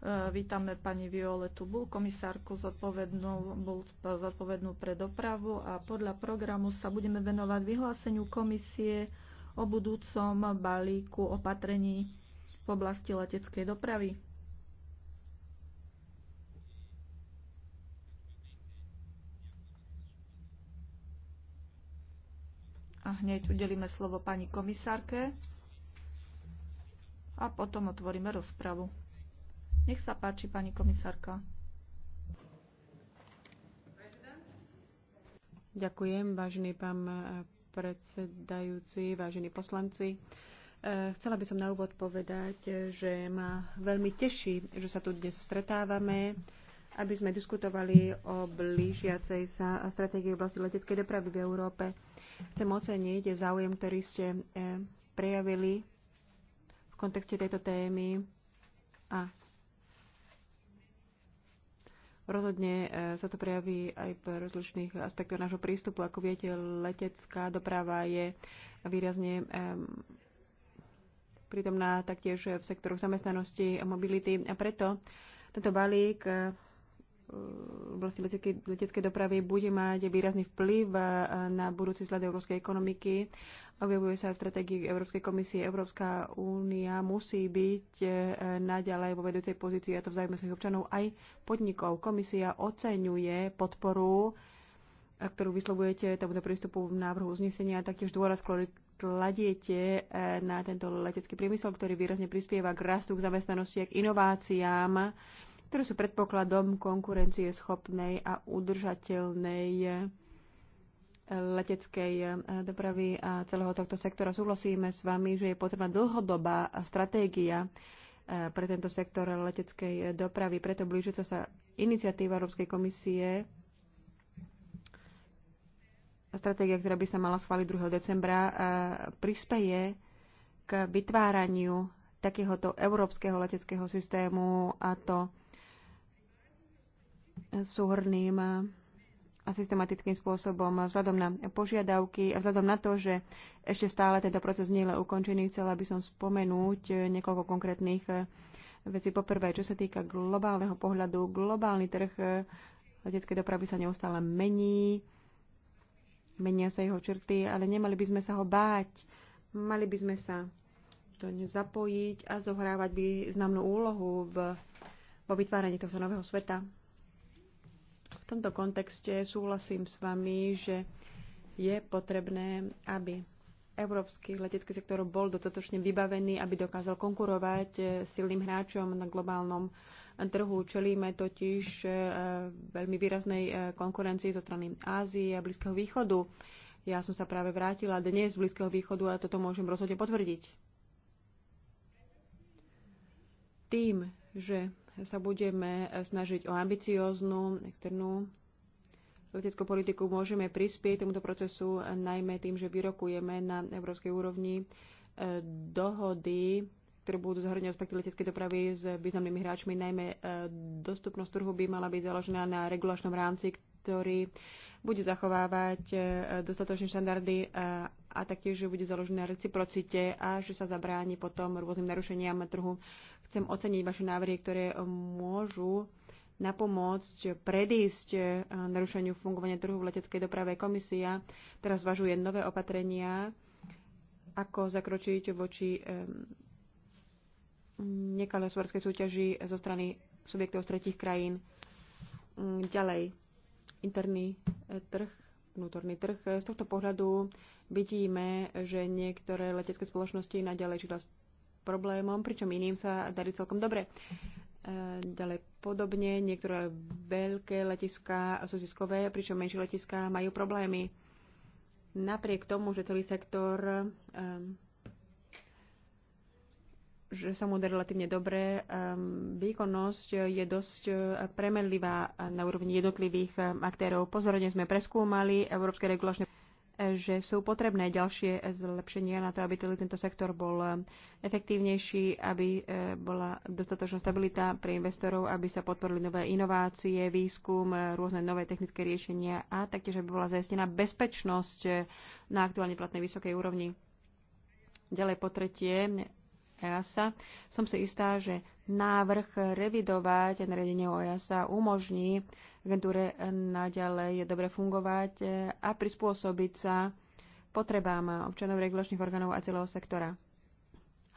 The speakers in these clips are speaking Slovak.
E, vítame pani Violetu Bul, komisárku zodpovednú, zodpovednú pre dopravu a podľa programu sa budeme venovať vyhláseniu komisie o budúcom balíku opatrení v oblasti leteckej dopravy. A hneď udelíme slovo pani komisárke a potom otvoríme rozpravu. Nech sa páči, pani komisárka. Ďakujem, vážený pán eh, predsedajúci, vážení poslanci. Eh, chcela by som na úvod povedať, že ma veľmi teší, že sa tu dnes stretávame, aby sme diskutovali o blížiacej sa stratégii oblasti leteckej dopravy v Európe. Chcem oceniť záujem, ktorý ste eh, prejavili v kontexte tejto témy a Rozhodne e, sa to prejaví aj v rozličných aspektoch nášho prístupu. Ako viete, letecká doprava je výrazne e, prítomná taktiež v sektoru zamestnanosti a mobility a preto tento balík e, vlastne leteckej, leteckej dopravy bude mať výrazný vplyv e, na budúci sled európskej ekonomiky. Objavuje sa aj v stratégii Európskej komisie. Európska únia musí byť e, naďalej vo vedúcej pozícii, a to vzájme svojich občanov aj podnikov. Komisia oceňuje podporu e, ktorú vyslovujete tomuto prístupu v návrhu uznesenia, taktiež dôraz kladiete na tento letecký priemysel, ktorý výrazne prispieva k rastu, k zamestnanosti a k inováciám ktoré sú predpokladom konkurencie schopnej a udržateľnej eh, leteckej eh, dopravy a celého tohto sektora. Súhlasíme s vami, že je potrebná dlhodobá stratégia eh, pre tento sektor leteckej dopravy. Preto blížica sa iniciatíva Európskej komisie stratégia, ktorá by sa mala schváliť 2. decembra, prispeje k vytváraniu takéhoto európskeho leteckého systému a to súhrným a systematickým spôsobom vzhľadom na požiadavky a vzhľadom na to, že ešte stále tento proces nie je ukončený, chcela by som spomenúť niekoľko konkrétnych vecí. Poprvé, čo sa týka globálneho pohľadu, globálny trh leteckej dopravy sa neustále mení, menia sa jeho črty, ale nemali by sme sa ho báť. Mali by sme sa do ňu zapojiť a zohrávať by významnú úlohu v, vo vytváraní tohto nového sveta. V tomto kontexte súhlasím s vami, že je potrebné, aby európsky letecký sektor bol dostatočne vybavený, aby dokázal konkurovať eh, silným hráčom na globálnom eh, trhu. Čelíme totiž eh, veľmi výraznej konkurencii zo strany Ázie a Blízkeho východu. Ja som sa práve vrátila dnes z Blízkeho východu a toto môžem rozhodne potvrdiť. Tým, že sa budeme eh, snažiť o ambicióznu externú leteckú politiku, môžeme prispieť tomuto procesu eh, najmä tým, že vyrokujeme na európskej úrovni eh, dohody, ktoré budú zahrňať aspekty leteckej dopravy s významnými hráčmi. Najmä dostupnosť trhu by mala byť založená na regulačnom rámci, ktorý bude zachovávať dostatočné štandardy a taktiež, že bude založené na reciprocite a že sa zabráni potom rôznym narušeniam trhu. Chcem oceniť vaše návrhy, ktoré môžu napomôcť predísť eh, narušeniu fungovania trhu v leteckej doprave. Komisia teraz zvažuje nové opatrenia, ako zakročiť voči ehm, nekalé svorské súťaži zo strany subjektov z tretich krajín. Mm, ďalej, interný eh, trh vnútorný trh. Z tohto pohľadu vidíme, že niektoré letecké spoločnosti naďalej žila s problémom, pričom iným sa darí celkom dobre. E, ďalej podobne, niektoré veľké letiská sú ziskové, pričom menšie letiská majú problémy. Napriek tomu, že celý sektor um, že sa mu darí relatívne dobre. Ehm, výkonnosť je dosť e, premenlivá na úrovni jednotlivých e, aktérov. Pozorne sme preskúmali Európske regulačné e, že sú potrebné ďalšie zlepšenia na to, aby celý tento sektor bol efektívnejší, aby bola dostatočná stabilita pre investorov, aby sa podporili nové inovácie, výskum, rôzne nové technické riešenia a taktiež, aby bola zajistená bezpečnosť na aktuálne platnej vysokej úrovni. Ďalej po tretie, EASA. Som si istá, že návrh revidovať nariadenie o EASA umožní agentúre naďalej dobre fungovať a prispôsobiť sa potrebám občanov regulačných orgánov a celého sektora.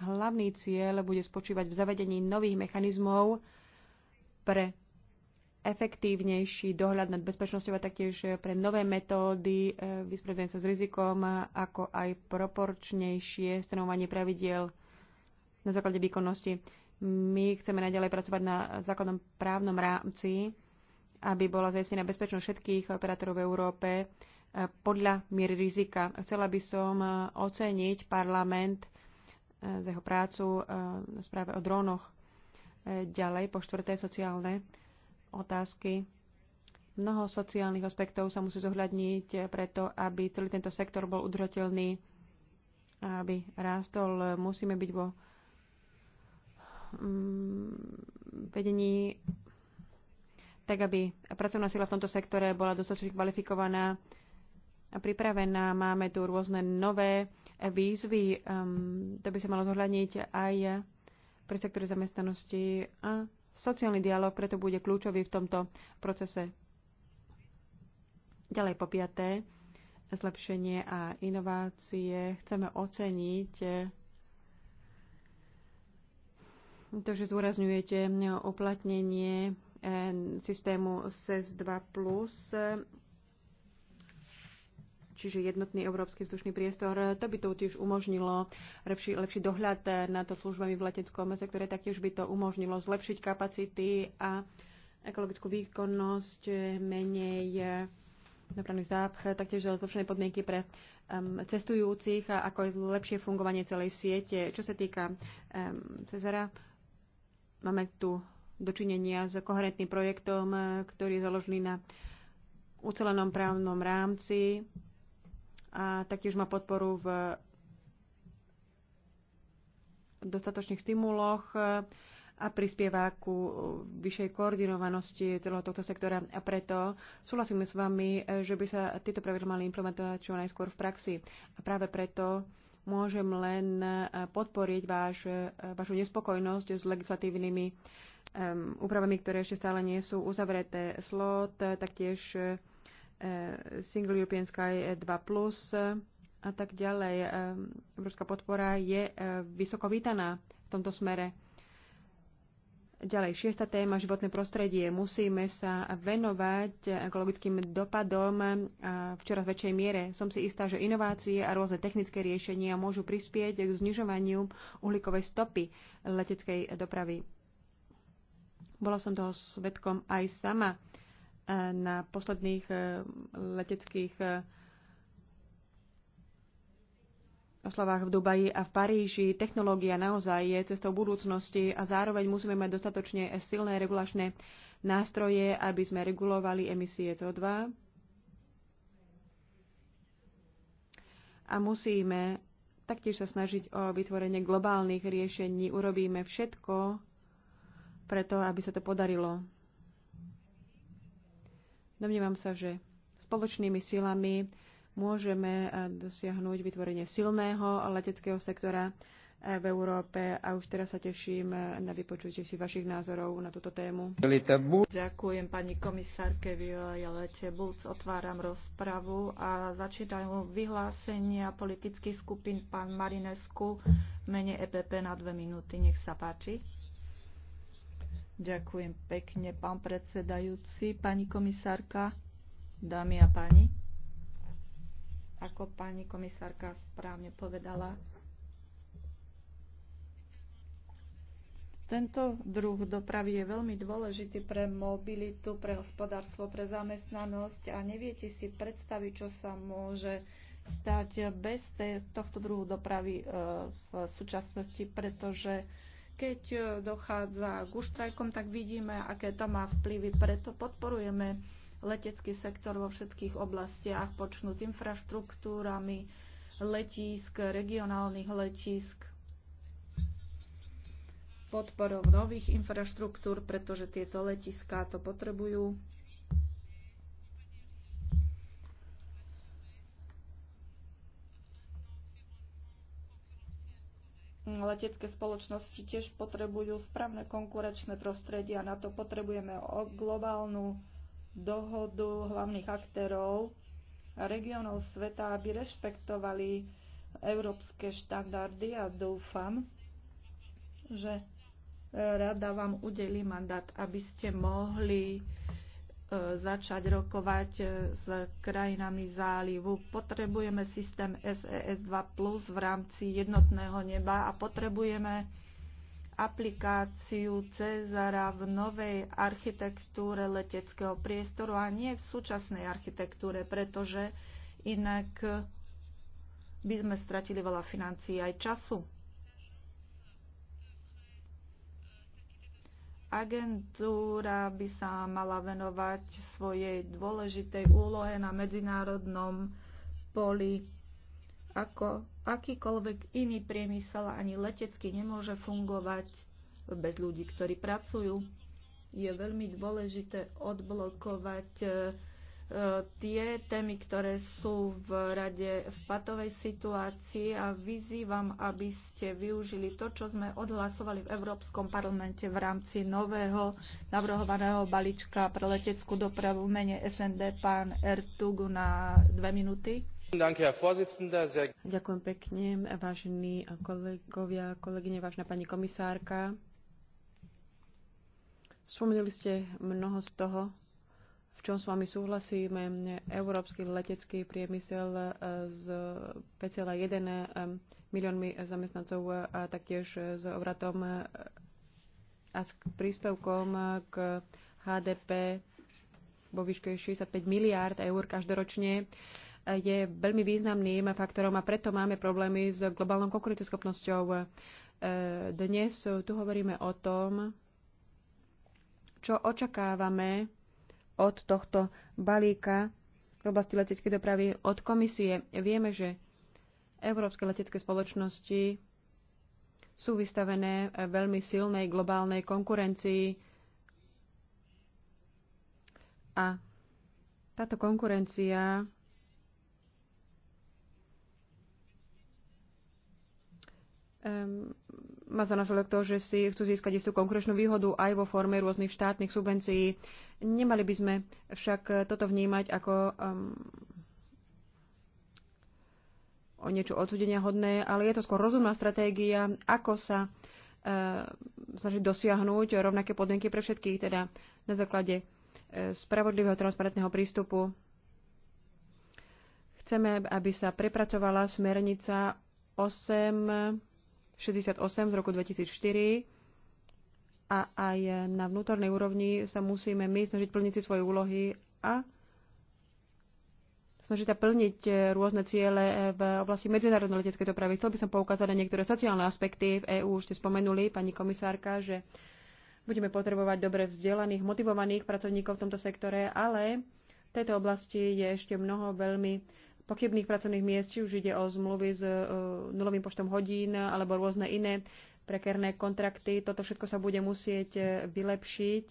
Hlavný cieľ bude spočívať v zavedení nových mechanizmov pre efektívnejší dohľad nad bezpečnosťou a taktiež pre nové metódy e, vysporiadania sa s rizikom, ako aj proporčnejšie stanovanie pravidiel na základe výkonnosti. My chceme naďalej pracovať na základnom právnom rámci, aby bola zajistená bezpečnosť všetkých operátorov v Európe eh, podľa miery rizika. Chcela by som eh, oceniť parlament eh, za jeho prácu na správe o drónoch. Ďalej, po štvrté, sociálne otázky. Mnoho sociálnych aspektov sa musí zohľadniť preto, aby celý tento sektor bol udržateľný, aby rástol. Musíme byť vo Mm, vedení, tak aby pracovná sila v tomto sektore bola dostatočne kvalifikovaná a pripravená. Máme tu rôzne nové výzvy, ehm, to by sa malo zohľadniť aj pre sektor zamestnanosti a sociálny dialog preto bude kľúčový v tomto procese. Ďalej po piaté, zlepšenie a inovácie. Chceme oceniť to, že zúrazňujete uplatnenie eh, systému SES-2+, čiže jednotný európsky vzdušný priestor, to by to tiež umožnilo lepší, lepší dohľad nad službami v leteckom sektore, taktiež by to umožnilo zlepšiť kapacity a ekologickú výkonnosť, eh, menej eh, dopravný zápch, taktiež zlepšené podmienky pre um, cestujúcich a ako je lepšie fungovanie celej siete. Čo sa týka um, Cezara, Máme tu dočinenia s koherentným projektom, eh, ktorý je založený na ucelenom právnom rámci a taktiež má podporu v dostatočných stimuloch eh, a prispieva ku vyššej koordinovanosti celého tohto sektora. A preto súhlasíme s vami, eh, že by sa tieto pravidla mali implementovať čo najskôr v praxi. A práve preto môžem len e, podporiť váš, e, vašu nespokojnosť s legislatívnymi úpravami, ktoré ešte stále nie sú uzavreté. Slot, e, taktiež Single European Sky 2+, a tak ďalej. Európska podpora je vysoko vítaná v tomto smere. Ďalej, šiesta téma, životné prostredie. Musíme sa venovať ekologickým dopadom v čoraz väčšej miere. Som si istá, že inovácie a rôzne technické riešenia môžu prispieť k znižovaniu uhlíkovej stopy leteckej dopravy. Bola som toho svetkom aj sama eh, na posledných eh, leteckých eh, slovách v Dubaji a v Paríži. Technológia naozaj je cestou budúcnosti a zároveň musíme mať dostatočne silné regulačné nástroje, aby sme regulovali emisie CO2. A musíme taktiež sa snažiť o vytvorenie globálnych riešení. Urobíme všetko preto, aby sa to podarilo. Domnievam sa, že spoločnými silami môžeme eh, dosiahnuť vytvorenie silného leteckého sektora eh, v Európe a už teraz sa teším eh, na vypočutie si vašich názorov na túto tému. Ďakujem pani komisárke Violete Bulc. Otváram rozpravu a začítam vyhlásenia politických skupín pán Marinesku mene EPP na dve minúty. Nech sa páči. Ďakujem pekne, pán predsedajúci, pani komisárka, dámy a páni. Ako pani komisárka správne povedala, Tento druh dopravy je veľmi dôležitý pre mobilitu, pre hospodárstvo, pre zamestnanosť a neviete si predstaviť, čo sa môže stať bez tohto druhu dopravy e, v súčasnosti, pretože keď e, dochádza k uštrajkom, tak vidíme, aké to má vplyvy. Preto podporujeme letecký sektor vo všetkých oblastiach, počnúť infraštruktúrami letísk, regionálnych letísk, podporou nových infraštruktúr, pretože tieto letiská to potrebujú. letecké spoločnosti tiež potrebujú správne konkurenčné prostredie a na to potrebujeme globálnu dohodu hlavných aktérov a regionov sveta, aby rešpektovali európske štandardy a dúfam, že e, rada vám udelí mandát, aby ste mohli e, začať rokovať e, s krajinami zálivu. Potrebujeme systém SES 2 plus v rámci jednotného neba a potrebujeme aplikáciu Cezara v novej architektúre leteckého priestoru a nie v súčasnej architektúre, pretože inak by sme stratili veľa financií aj času. Agentúra by sa mala venovať svojej dôležitej úlohe na medzinárodnom poli ako akýkoľvek iný priemysel, ani letecký, nemôže fungovať bez ľudí, ktorí pracujú. Je veľmi dôležité odblokovať e, e, tie témy, ktoré sú v rade v patovej situácii a vyzývam, aby ste využili to, čo sme odhlasovali v Európskom parlamente v rámci nového navrhovaného balíčka pre leteckú dopravu v mene SND pán Ertugu na dve minúty. Ďakujem pekne, vážení kolegovia, kolegyne, vážna pani komisárka. Spomenuli ste mnoho z toho, v čom s vami súhlasíme. Európsky letecký priemysel eh, s 5,1 eh, miliónmi zamestnancov a taktiež s obratom eh, a s príspevkom k HDP vo výške 65 miliárd eur každoročne je veľmi významným faktorom a preto máme problémy s globálnou konkurenceschopnosťou. E, dnes tu hovoríme o tom, čo očakávame od tohto balíka v oblasti leteckej dopravy od komisie. Vieme, že európske letecké spoločnosti sú vystavené veľmi silnej globálnej konkurencii a táto konkurencia um, má za následok to, že si chcú získať istú konkrétnu výhodu aj vo forme rôznych štátnych subvencií. Nemali by sme však toto vnímať ako um, o niečo odsudenia hodné, ale je to skôr rozumná stratégia, ako sa snažiť dosiahnuť rovnaké podmienky pre všetkých, teda na základe e, spravodlivého transparentného prístupu. Chceme, aby sa prepracovala smernica 8 68 z roku 2004 a aj na vnútornej úrovni sa musíme my snažiť plniť si svoje úlohy a snažiť sa plniť e, rôzne ciele v oblasti medzinárodnej leteckej dopravy. Chcel by som poukázať na niektoré sociálne aspekty. V EÚ už ste spomenuli, pani komisárka, že budeme potrebovať dobre vzdelaných, motivovaných pracovníkov v tomto sektore, ale v tejto oblasti je ešte mnoho veľmi pochybných pracovných miest, či už ide o zmluvy s e, nulovým počtom hodín alebo rôzne iné prekerné kontrakty. Toto všetko sa bude musieť e, vylepšiť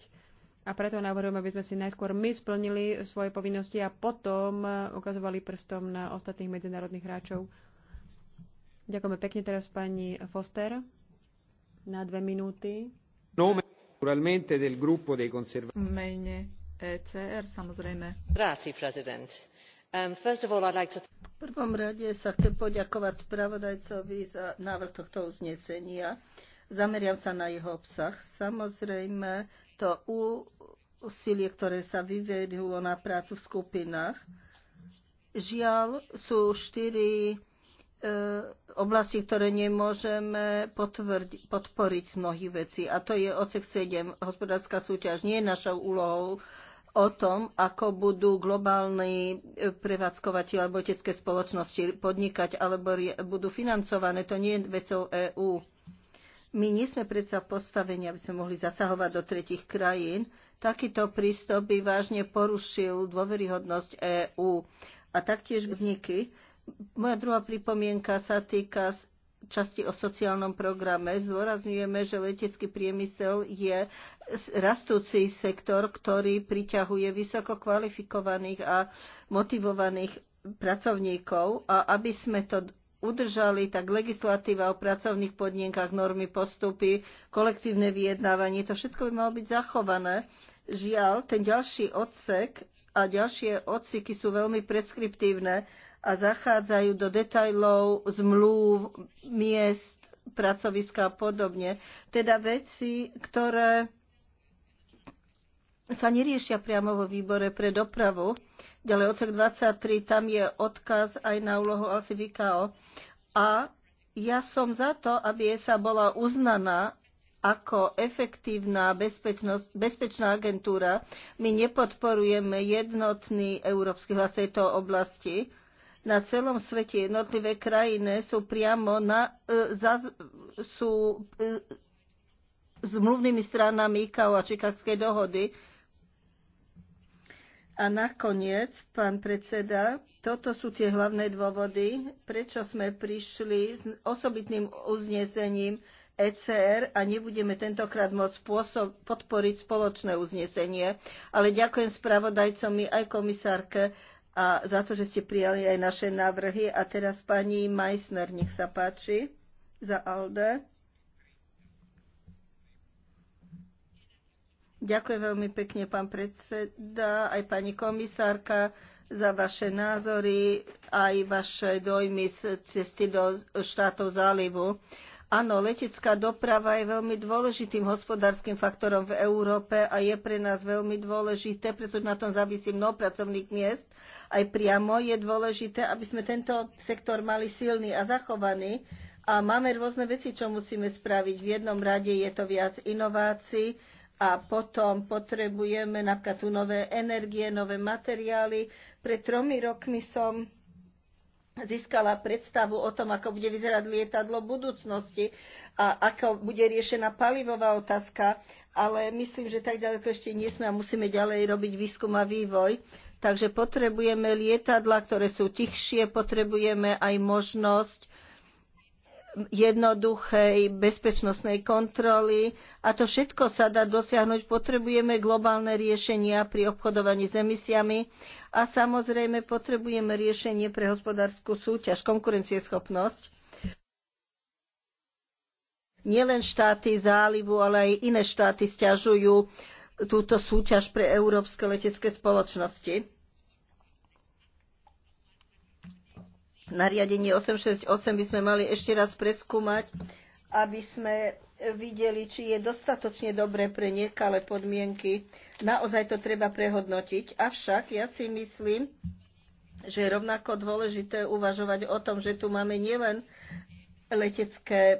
a preto navrhujem, aby sme si najskôr my splnili svoje povinnosti a potom e, ukazovali prstom na ostatných medzinárodných hráčov. Ďakujeme pekne teraz pani Foster na dve minúty. No, Mene ECR, samozrejme. Grazie, prezident. Um, v prvom rade sa chcem poďakovať spravodajcovi za návrh tohto uznesenia. Zameriam sa na jeho obsah. Samozrejme, to úsilie, ktoré sa vyvenulo na prácu v skupinách. Žiaľ, sú štyri e, oblasti, ktoré nemôžeme podporiť z mnohých vecí. A to je odsek 7, hospodárska súťaž. Nie je našou úlohou o tom, ako budú globálni e, prevádzkovateľ alebo letecké spoločnosti podnikať alebo budú financované. To nie je vecou EÚ. My nie sme predsa v postavení, aby sme mohli zasahovať do tretich krajín. Takýto prístup by vážne porušil dôveryhodnosť EÚ a taktiež vniky. Moja druhá pripomienka sa týka časti o sociálnom programe zdôrazňujeme, že letecký priemysel je rastúci sektor, ktorý priťahuje vysoko kvalifikovaných a motivovaných pracovníkov a aby sme to udržali, tak legislatíva o pracovných podmienkach, normy, postupy, kolektívne vyjednávanie, to všetko by malo byť zachované. Žiaľ, ten ďalší odsek a ďalšie odseky sú veľmi preskriptívne a zachádzajú do detajlov zmluv, miest, pracoviska a podobne. Teda veci, ktoré sa neriešia priamo vo výbore pre dopravu. Ďalej odsek 23, tam je odkaz aj na úlohu asi VKO. A ja som za to, aby ESA bola uznaná ako efektívna bezpečná agentúra. My nepodporujeme jednotný európsky hlas tejto oblasti na celom svete. Jednotlivé krajiny sú priamo na, e, za, sú e, zmluvnými stranami IKAO a Čikagskej dohody. A nakoniec, pán predseda, toto sú tie hlavné dôvody, prečo sme prišli s osobitným uznesením ECR a nebudeme tentokrát môcť spôsob, podporiť spoločné uznesenie. Ale ďakujem spravodajcom i aj komisárke a za to, že ste prijali aj naše návrhy. A teraz pani Meissner, nech sa páči, za ALDE. Ďakujem veľmi pekne, pán predseda, aj pani komisárka, za vaše názory, aj vaše dojmy z cesty do štátov zálivu. Áno, letecká doprava je veľmi dôležitým hospodárskym faktorom v Európe a je pre nás veľmi dôležité, pretože na tom závisí mnoho pracovných miest. Aj priamo je dôležité, aby sme tento sektor mali silný a zachovaný. A máme rôzne veci, čo musíme spraviť. V jednom rade je to viac inovácií a potom potrebujeme napríklad tu nové energie, nové materiály. Pred tromi rokmi som získala predstavu o tom, ako bude vyzerať lietadlo v budúcnosti a ako bude riešená palivová otázka, ale myslím, že tak ďaleko ešte nie sme a musíme ďalej robiť výskum a vývoj. Takže potrebujeme lietadla, ktoré sú tichšie, potrebujeme aj možnosť jednoduchej bezpečnostnej kontroly a to všetko sa dá dosiahnuť. Potrebujeme globálne riešenia pri obchodovaní s emisiami a samozrejme potrebujeme riešenie pre hospodárskú súťaž, konkurencieschopnosť. Nielen štáty zálivu, ale aj iné štáty stiažujú túto súťaž pre európske letecké spoločnosti. nariadenie 868 by sme mali ešte raz preskúmať, aby sme videli, či je dostatočne dobré pre niekale podmienky. Naozaj to treba prehodnotiť. Avšak ja si myslím, že je rovnako dôležité uvažovať o tom, že tu máme nielen letecké e,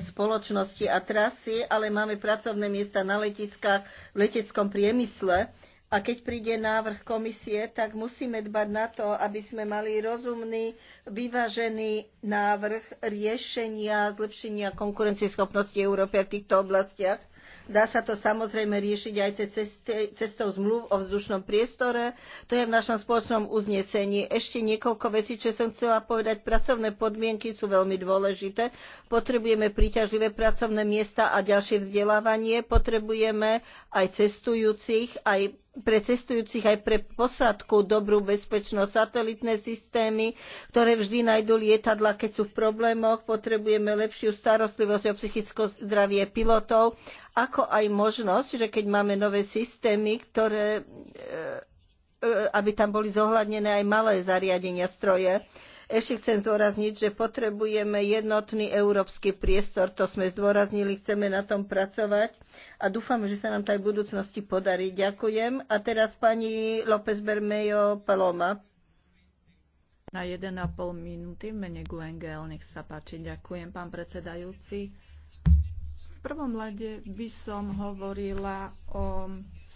spoločnosti a trasy, ale máme pracovné miesta na letiskách, v leteckom priemysle a keď príde návrh komisie, tak musíme dbať na to, aby sme mali rozumný, vyvážený návrh riešenia zlepšenia konkurencieschopnosti Európy v týchto oblastiach. Dá sa to samozrejme riešiť aj cestou zmluv o vzdušnom priestore. To je v našom spoločnom uznesení. Ešte niekoľko vecí, čo som chcela povedať. Pracovné podmienky sú veľmi dôležité. Potrebujeme príťažlivé pracovné miesta a ďalšie vzdelávanie. Potrebujeme aj cestujúcich, aj pre cestujúcich aj pre posádku dobrú bezpečnosť, satelitné systémy, ktoré vždy nájdú lietadla, keď sú v problémoch, potrebujeme lepšiu starostlivosť o psychické zdravie pilotov, ako aj možnosť, že keď máme nové systémy, ktoré, e, e, aby tam boli zohľadnené aj malé zariadenia, stroje. Ešte chcem zdôrazniť, že potrebujeme jednotný európsky priestor, to sme zdôraznili, chceme na tom pracovať a dúfam, že sa nám to aj v budúcnosti podarí. Ďakujem. A teraz pani López Bermejo Paloma. Na 1,5 minúty v mene Guengel, nech sa páči. Ďakujem, pán predsedajúci. V prvom rade by som hovorila o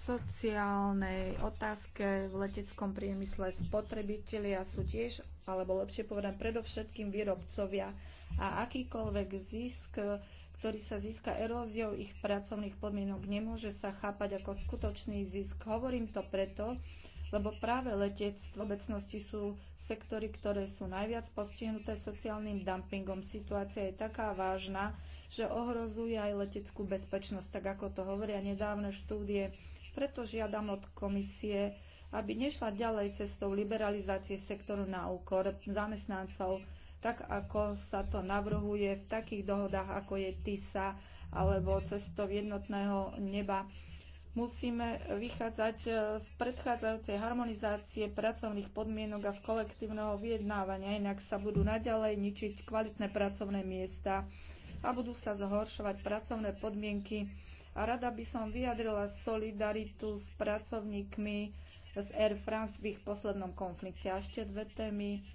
sociálnej otázke v leteckom priemysle spotrebitelia sú tiež, alebo lepšie povedané, predovšetkým výrobcovia a akýkoľvek zisk, ktorý sa získa eróziou ich pracovných podmienok, nemôže sa chápať ako skutočný zisk. Hovorím to preto, lebo práve letec v obecnosti sú sektory, ktoré sú najviac postihnuté sociálnym dumpingom. Situácia je taká vážna, že ohrozuje aj leteckú bezpečnosť, tak ako to hovoria nedávne štúdie. Preto žiadam od komisie, aby nešla ďalej cestou liberalizácie sektoru na úkor zamestnancov, tak ako sa to navrhuje v takých dohodách, ako je TISA alebo cestou jednotného neba. Musíme vychádzať e, z predchádzajúcej harmonizácie pracovných podmienok a z kolektívneho vyjednávania, inak sa budú naďalej ničiť kvalitné pracovné miesta a budú sa zhoršovať pracovné podmienky a rada by som vyjadrila solidaritu s pracovníkmi z Air France v ich poslednom konflikte. A ešte dve témy.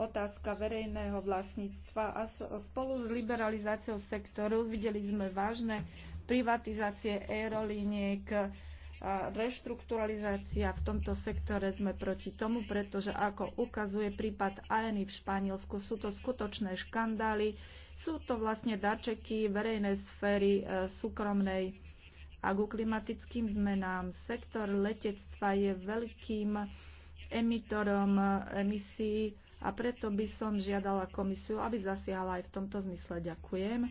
Otázka verejného vlastníctva a spolu s liberalizáciou sektoru videli sme vážne privatizácie aerolíniek, a reštrukturalizácia v tomto sektore sme proti tomu, pretože ako ukazuje prípad ANI v Španielsku, sú to skutočné škandály, sú to vlastne darčeky verejnej sféry e, súkromnej a ku klimatickým zmenám. Sektor letectva je veľkým emitorom emisí a preto by som žiadala komisiu, aby zasiahla aj v tomto zmysle. Ďakujem.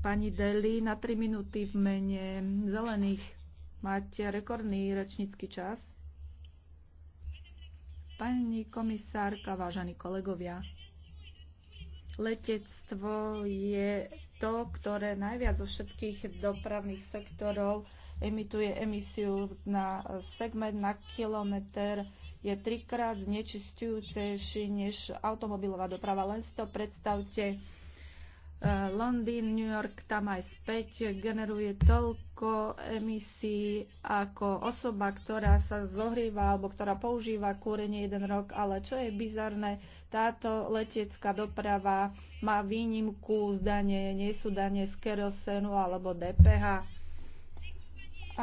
Pani Deli, na 3 minúty v mene zelených máte rekordný rečnícky čas. Pani komisárka, vážení kolegovia, letectvo je to, ktoré najviac zo všetkých dopravných sektorov emituje emisiu na segment na kilometr je trikrát znečistujúcejší než automobilová doprava. Len si to predstavte Eh, Londýn, New York, tam aj späť generuje toľko emisí ako osoba, ktorá sa zohrieva alebo ktorá používa kúrenie jeden rok. Ale čo je bizarné, táto letecká doprava má výnimku z dane, nie sú dane z kerosenu alebo DPH.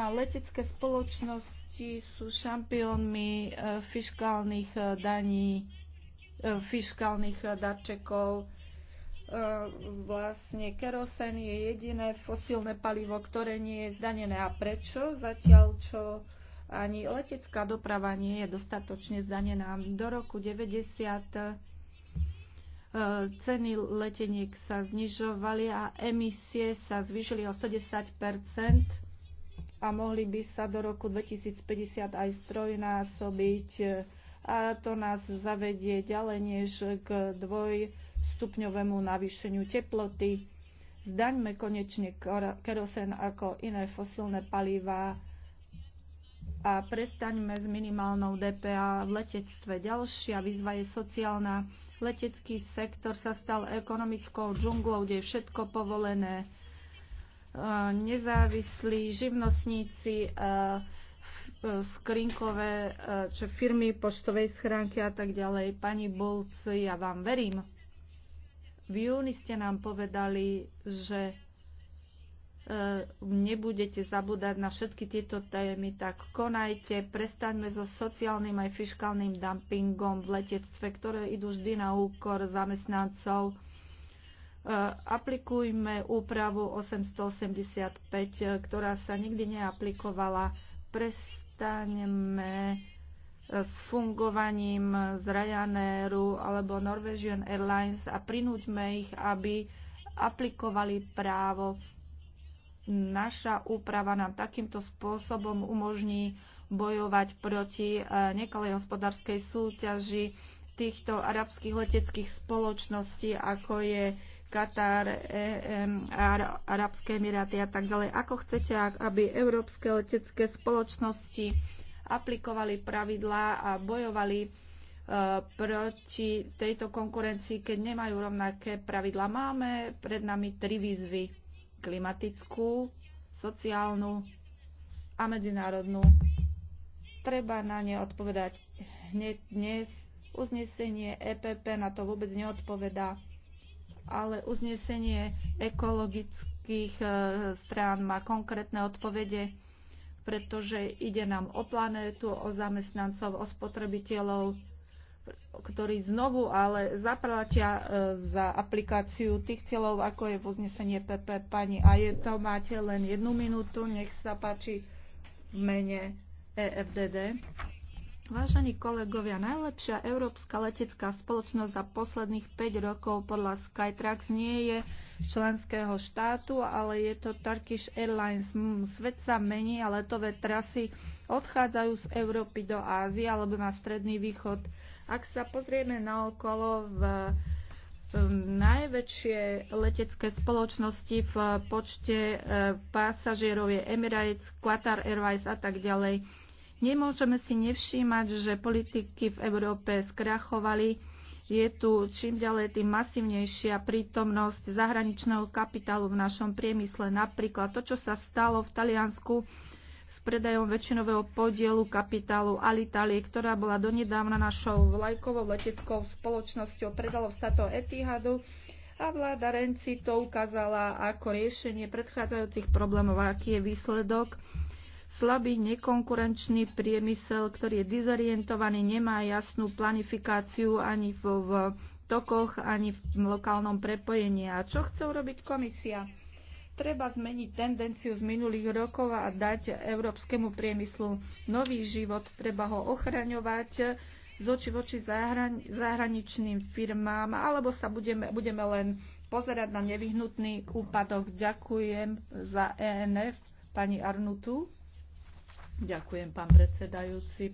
A letecké spoločnosti sú šampiónmi eh, fiškálnych eh, daní, fiškálnych darčekov E, vlastne kerosen je jediné fosílne palivo, ktoré nie je zdanené. A prečo? Zatiaľ, čo ani letecká doprava nie je dostatočne zdanená. Do roku 90 e, ceny leteniek sa znižovali a emisie sa zvýšili o 110 a mohli by sa do roku 2050 aj strojnásobiť e, a to nás zavedie ďalej než k dvoj stupňovému navýšeniu teploty. Zdaňme konečne kerosen ako iné fosilné palivá a prestaňme s minimálnou DPA v letectve. Ďalšia výzva je sociálna. Letecký sektor sa stal ekonomickou džunglou, kde je všetko povolené. E, nezávislí živnostníci, e, e, skrinkové firmy, poštovej schránky a tak ďalej. Pani Bulc, ja vám verím. V júni ste nám povedali, že e, nebudete zabúdať na všetky tieto témy, tak konajte, prestaňme so sociálnym aj fiskálnym dumpingom v letectve, ktoré idú vždy na úkor zamestnancov. E, aplikujme úpravu 885, ktorá sa nikdy neaplikovala. Prestaňme s fungovaním z Ryanairu alebo Norwegian Airlines a prinúťme ich, aby aplikovali právo. Naša úprava nám takýmto spôsobom umožní bojovať proti e, nekalej hospodárskej súťaži týchto arabských leteckých spoločností, ako je Katar, e Arabské Emiráty a tak ďalej. Ako chcete, aby európske letecké spoločnosti aplikovali pravidlá a bojovali e, proti tejto konkurencii, keď nemajú rovnaké pravidlá. Máme pred nami tri výzvy. Klimatickú, sociálnu a medzinárodnú. Treba na ne odpovedať hneď dnes. Uznesenie EPP na to vôbec neodpovedá, ale uznesenie ekologických e, strán má konkrétne odpovede pretože ide nám o planétu, o zamestnancov, o spotrebiteľov, ktorí znovu ale zaplatia e, za aplikáciu tých cieľov, ako je voznesenie PP. Pani a je to máte len jednu minútu, nech sa páči v mene EFDD. Vážení kolegovia, najlepšia európska letecká spoločnosť za posledných 5 rokov podľa Skytrax nie je členského štátu, ale je to Turkish Airlines. Svet sa mení a letové trasy odchádzajú z Európy do Ázie alebo na Stredný východ. Ak sa pozrieme na okolo v najväčšie letecké spoločnosti v počte e, pasažierov je Emirates, Qatar Airways a tak ďalej Nemôžeme si nevšímať, že politiky v Európe skrachovali. Je tu čím ďalej tým masívnejšia prítomnosť zahraničného kapitálu v našom priemysle. Napríklad to, čo sa stalo v Taliansku s predajom väčšinového podielu kapitálu Alitalie, ktorá bola donedávna našou vlajkovou leteckou spoločnosťou, predalo sa to Etihadu a vláda Renci to ukázala ako riešenie predchádzajúcich problémov, aký je výsledok slabý nekonkurenčný priemysel, ktorý je dizorientovaný, nemá jasnú planifikáciu ani v, v tokoch, ani v lokálnom prepojení. A čo chce urobiť komisia? Treba zmeniť tendenciu z minulých rokov a dať európskemu priemyslu nový život. Treba ho ochraňovať z oči voči zahran- zahraničným firmám, alebo sa budeme, budeme len pozerať na nevyhnutný úpadok. Ďakujem za ENF pani Arnutu. Ďakujem, pán predsedajúci.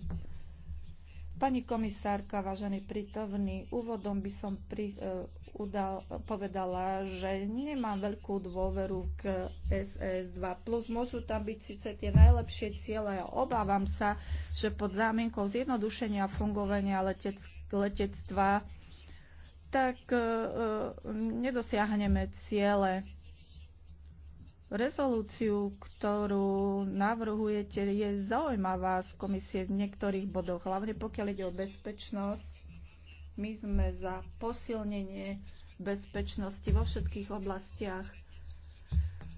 Pani komisárka, vážený prítomný, úvodom by som pri, e, udal, povedala, že nemám veľkú dôveru k SS2+. Môžu tam byť síce tie najlepšie ciele a obávam sa, že pod zámienkou zjednodušenia fungovania letec, letectva tak e, e, nedosiahneme ciele Rezolúciu, ktorú navrhujete, je zaujímavá z komisie v niektorých bodoch, hlavne pokiaľ ide o bezpečnosť. My sme za posilnenie bezpečnosti vo všetkých oblastiach.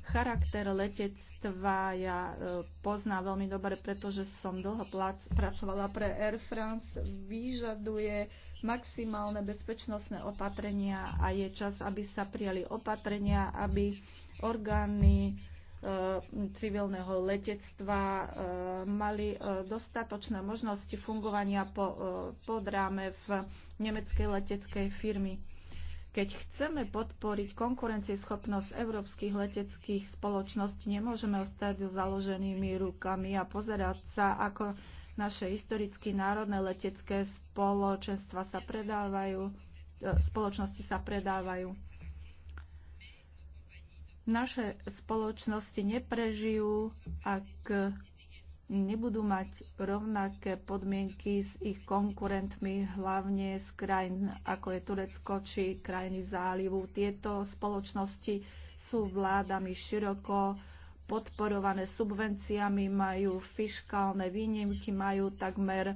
Charakter letectva ja e, poznám veľmi dobre, pretože som dlho pracovala pre Air France. Vyžaduje maximálne bezpečnostné opatrenia a je čas, aby sa prijali opatrenia, aby orgány eh, civilného letectva eh, mali eh, dostatočné možnosti fungovania po, pod ráme v nemeckej leteckej firmy. Keď chceme podporiť konkurencieschopnosť európskych leteckých spoločností, nemôžeme ostať so založenými rukami a pozerať sa, ako naše historicky národné letecké spoločenstva sa predávajú, spoločnosti sa predávajú. Naše spoločnosti neprežijú, ak nebudú mať rovnaké podmienky s ich konkurentmi, hlavne z krajín ako je Turecko či krajiny zálivu. Tieto spoločnosti sú vládami široko podporované subvenciami, majú fiškálne výnimky, majú takmer e,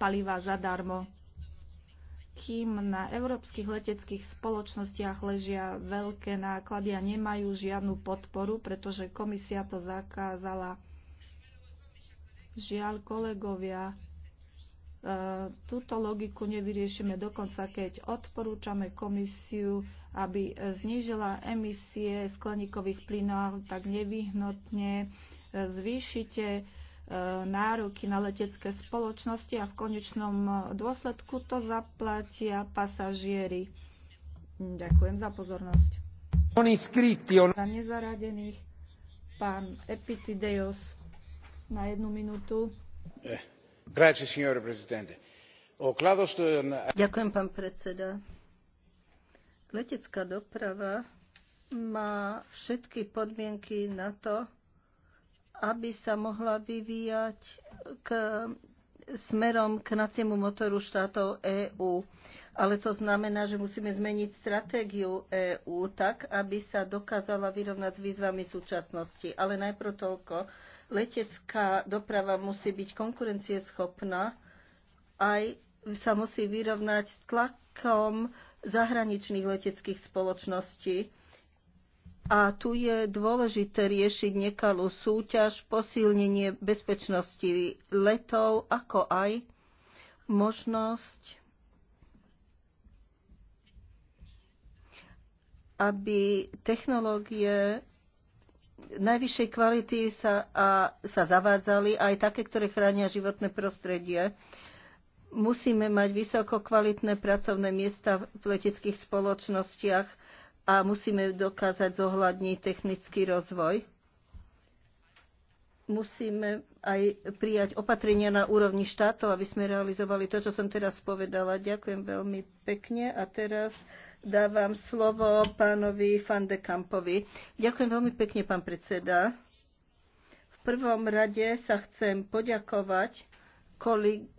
paliva zadarmo kým na európskych leteckých spoločnostiach ležia veľké náklady a nemajú žiadnu podporu, pretože komisia to zakázala. Žiaľ, kolegovia, e, túto logiku nevyriešime dokonca, keď odporúčame komisiu, aby znížila emisie skleníkových plynov, tak nevyhnutne e, zvýšite nároky na letecké spoločnosti a v konečnom dôsledku to zaplatia pasažieri. Ďakujem za pozornosť. Za nezaradených pán Epitideos na jednu minútu. Eh, Ďakujem, pán predseda. Letecká doprava má všetky podmienky na to, aby sa mohla vyvíjať k, smerom k naciemu motoru štátov EÚ. Ale to znamená, že musíme zmeniť stratégiu EÚ tak, aby sa dokázala vyrovnať s výzvami súčasnosti. Ale najprv toľko. Letecká doprava musí byť konkurencieschopná aj sa musí vyrovnať s tlakom zahraničných leteckých spoločností a tu je dôležité riešiť nekalú súťaž, posilnenie bezpečnosti letov, ako aj možnosť, aby technológie najvyššej kvality sa, a, sa zavádzali, aj také, ktoré chránia životné prostredie musíme mať vysoko kvalitné pracovné miesta v leteckých spoločnostiach a musíme dokázať zohľadniť technický rozvoj. Musíme aj prijať opatrenia na úrovni štátov, aby sme realizovali to, čo som teraz povedala. Ďakujem veľmi pekne a teraz dávam slovo pánovi Van de Kampovi. Ďakujem veľmi pekne, pán predseda. V prvom rade sa chcem poďakovať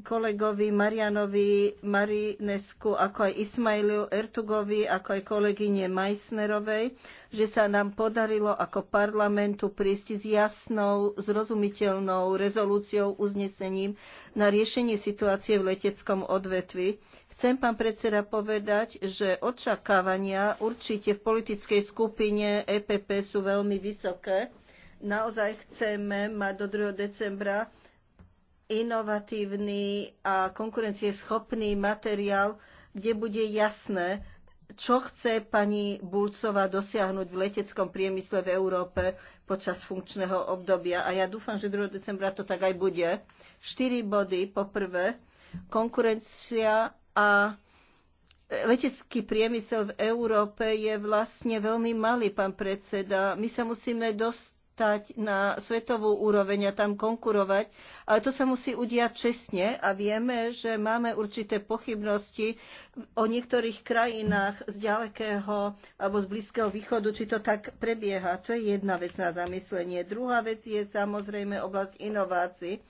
kolegovi Marianovi Marinesku, ako aj Ismailu Ertugovi, ako aj kolegyne Meissnerovej, že sa nám podarilo ako parlamentu prísť s jasnou, zrozumiteľnou rezolúciou, uznesením na riešenie situácie v leteckom odvetvi. Chcem, pán predseda, povedať, že očakávania určite v politickej skupine EPP sú veľmi vysoké. Naozaj chceme mať do 2. decembra inovatívny a konkurencieschopný materiál, kde bude jasné, čo chce pani Bulcová dosiahnuť v leteckom priemysle v Európe počas funkčného obdobia. A ja dúfam, že 2. decembra to tak aj bude. Štyri body. Poprvé, konkurencia a letecký priemysel v Európe je vlastne veľmi malý, pán predseda. My sa musíme dostať dostať na svetovú úroveň a tam konkurovať, ale to sa musí udiať čestne a vieme, že máme určité pochybnosti o niektorých krajinách z ďalekého alebo z Blízkeho východu, či to tak prebieha. To je jedna vec na zamyslenie. Druhá vec je samozrejme oblasť inovácií.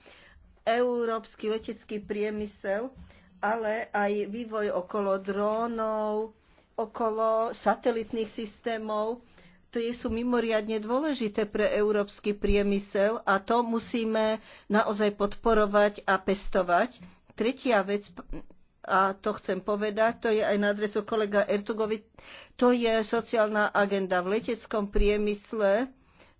Európsky letecký priemysel, ale aj vývoj okolo drónov, okolo satelitných systémov, ktoré sú mimoriadne dôležité pre európsky priemysel a to musíme naozaj podporovať a pestovať. Tretia vec, a to chcem povedať, to je aj na adresu kolega Ertugovi, to je sociálna agenda v leteckom priemysle.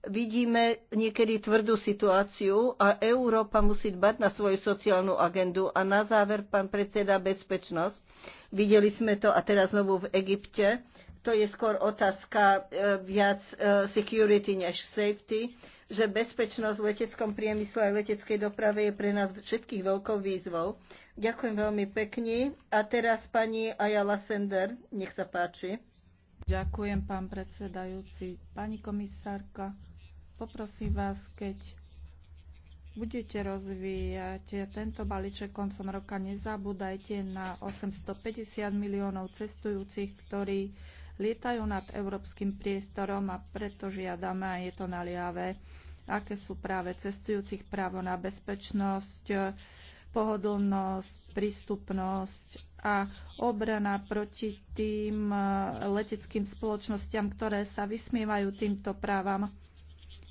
Vidíme niekedy tvrdú situáciu a Európa musí dbať na svoju sociálnu agendu. A na záver, pán predseda, bezpečnosť. Videli sme to a teraz znovu v Egypte to je skôr otázka e, viac e, security než safety, že bezpečnosť v leteckom priemysle a leteckej doprave je pre nás všetkých veľkou výzvou. Ďakujem veľmi pekne. A teraz pani Ayala Sender, nech sa páči. Ďakujem, pán predsedajúci. Pani komisárka, poprosím vás, keď budete rozvíjať tento balíček koncom roka, nezabúdajte na 850 miliónov cestujúcich, ktorí lietajú nad európskym priestorom a preto žiadame, a je to naliavé, aké sú práve cestujúcich právo na bezpečnosť, pohodlnosť, prístupnosť a obrana proti tým e, leteckým spoločnosťam, ktoré sa vysmievajú týmto právam.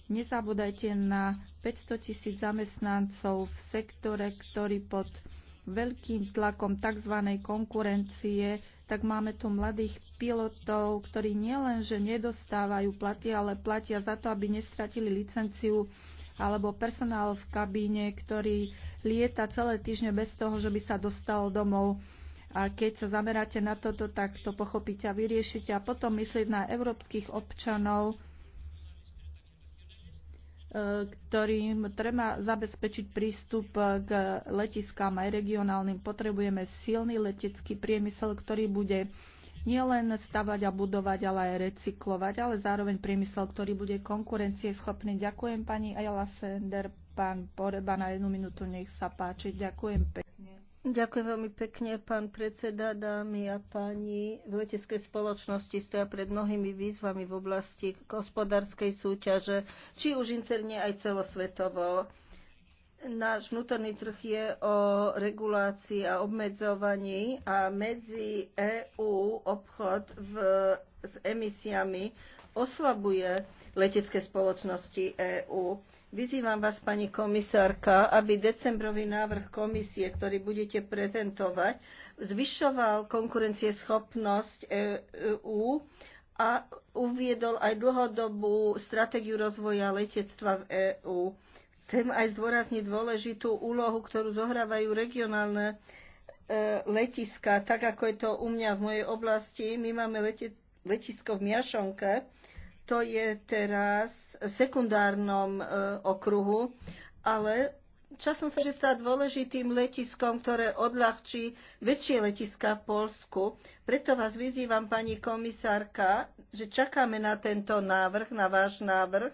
Nezabúdajte na 500 tisíc zamestnancov v sektore, ktorý pod veľkým tlakom tzv. konkurencie, tak máme tu mladých pilotov, ktorí nielenže nedostávajú platy, ale platia za to, aby nestratili licenciu alebo personál v kabíne, ktorý lieta celé týždne bez toho, že by sa dostal domov. A keď sa zameráte na toto, tak to pochopíte a vyriešite. A potom myslieť na európskych občanov, ktorým treba zabezpečiť prístup k letiskám aj regionálnym. Potrebujeme silný letecký priemysel, ktorý bude nielen stavať a budovať, ale aj recyklovať, ale zároveň priemysel, ktorý bude konkurencieschopný. Ďakujem pani Ayala Sender, pán Poreba na jednu minútu, nech sa páči. Ďakujem pekne. Ďakujem veľmi pekne, pán predseda, dámy a páni. V leteckej spoločnosti stoja pred mnohými výzvami v oblasti hospodárskej súťaže, či už interne aj celosvetovo. Náš vnútorný trh je o regulácii a obmedzovaní a medzi EÚ obchod v, s emisiami oslabuje letecké spoločnosti EÚ. Vyzývam vás, pani komisárka, aby decembrový návrh komisie, ktorý budete prezentovať, zvyšoval konkurencieschopnosť EÚ e, a uviedol aj dlhodobú stratégiu rozvoja letectva v EÚ. Chcem aj zdôrazniť dôležitú úlohu, ktorú zohrávajú regionálne e, letiska, tak ako je to u mňa v mojej oblasti. My máme letisko v Miašonke, to je teraz v sekundárnom e, okruhu, ale časom sa, že stá dôležitým letiskom, ktoré odľahčí väčšie letiska v Polsku. Preto vás vyzývam, pani komisárka, že čakáme na tento návrh, na váš návrh.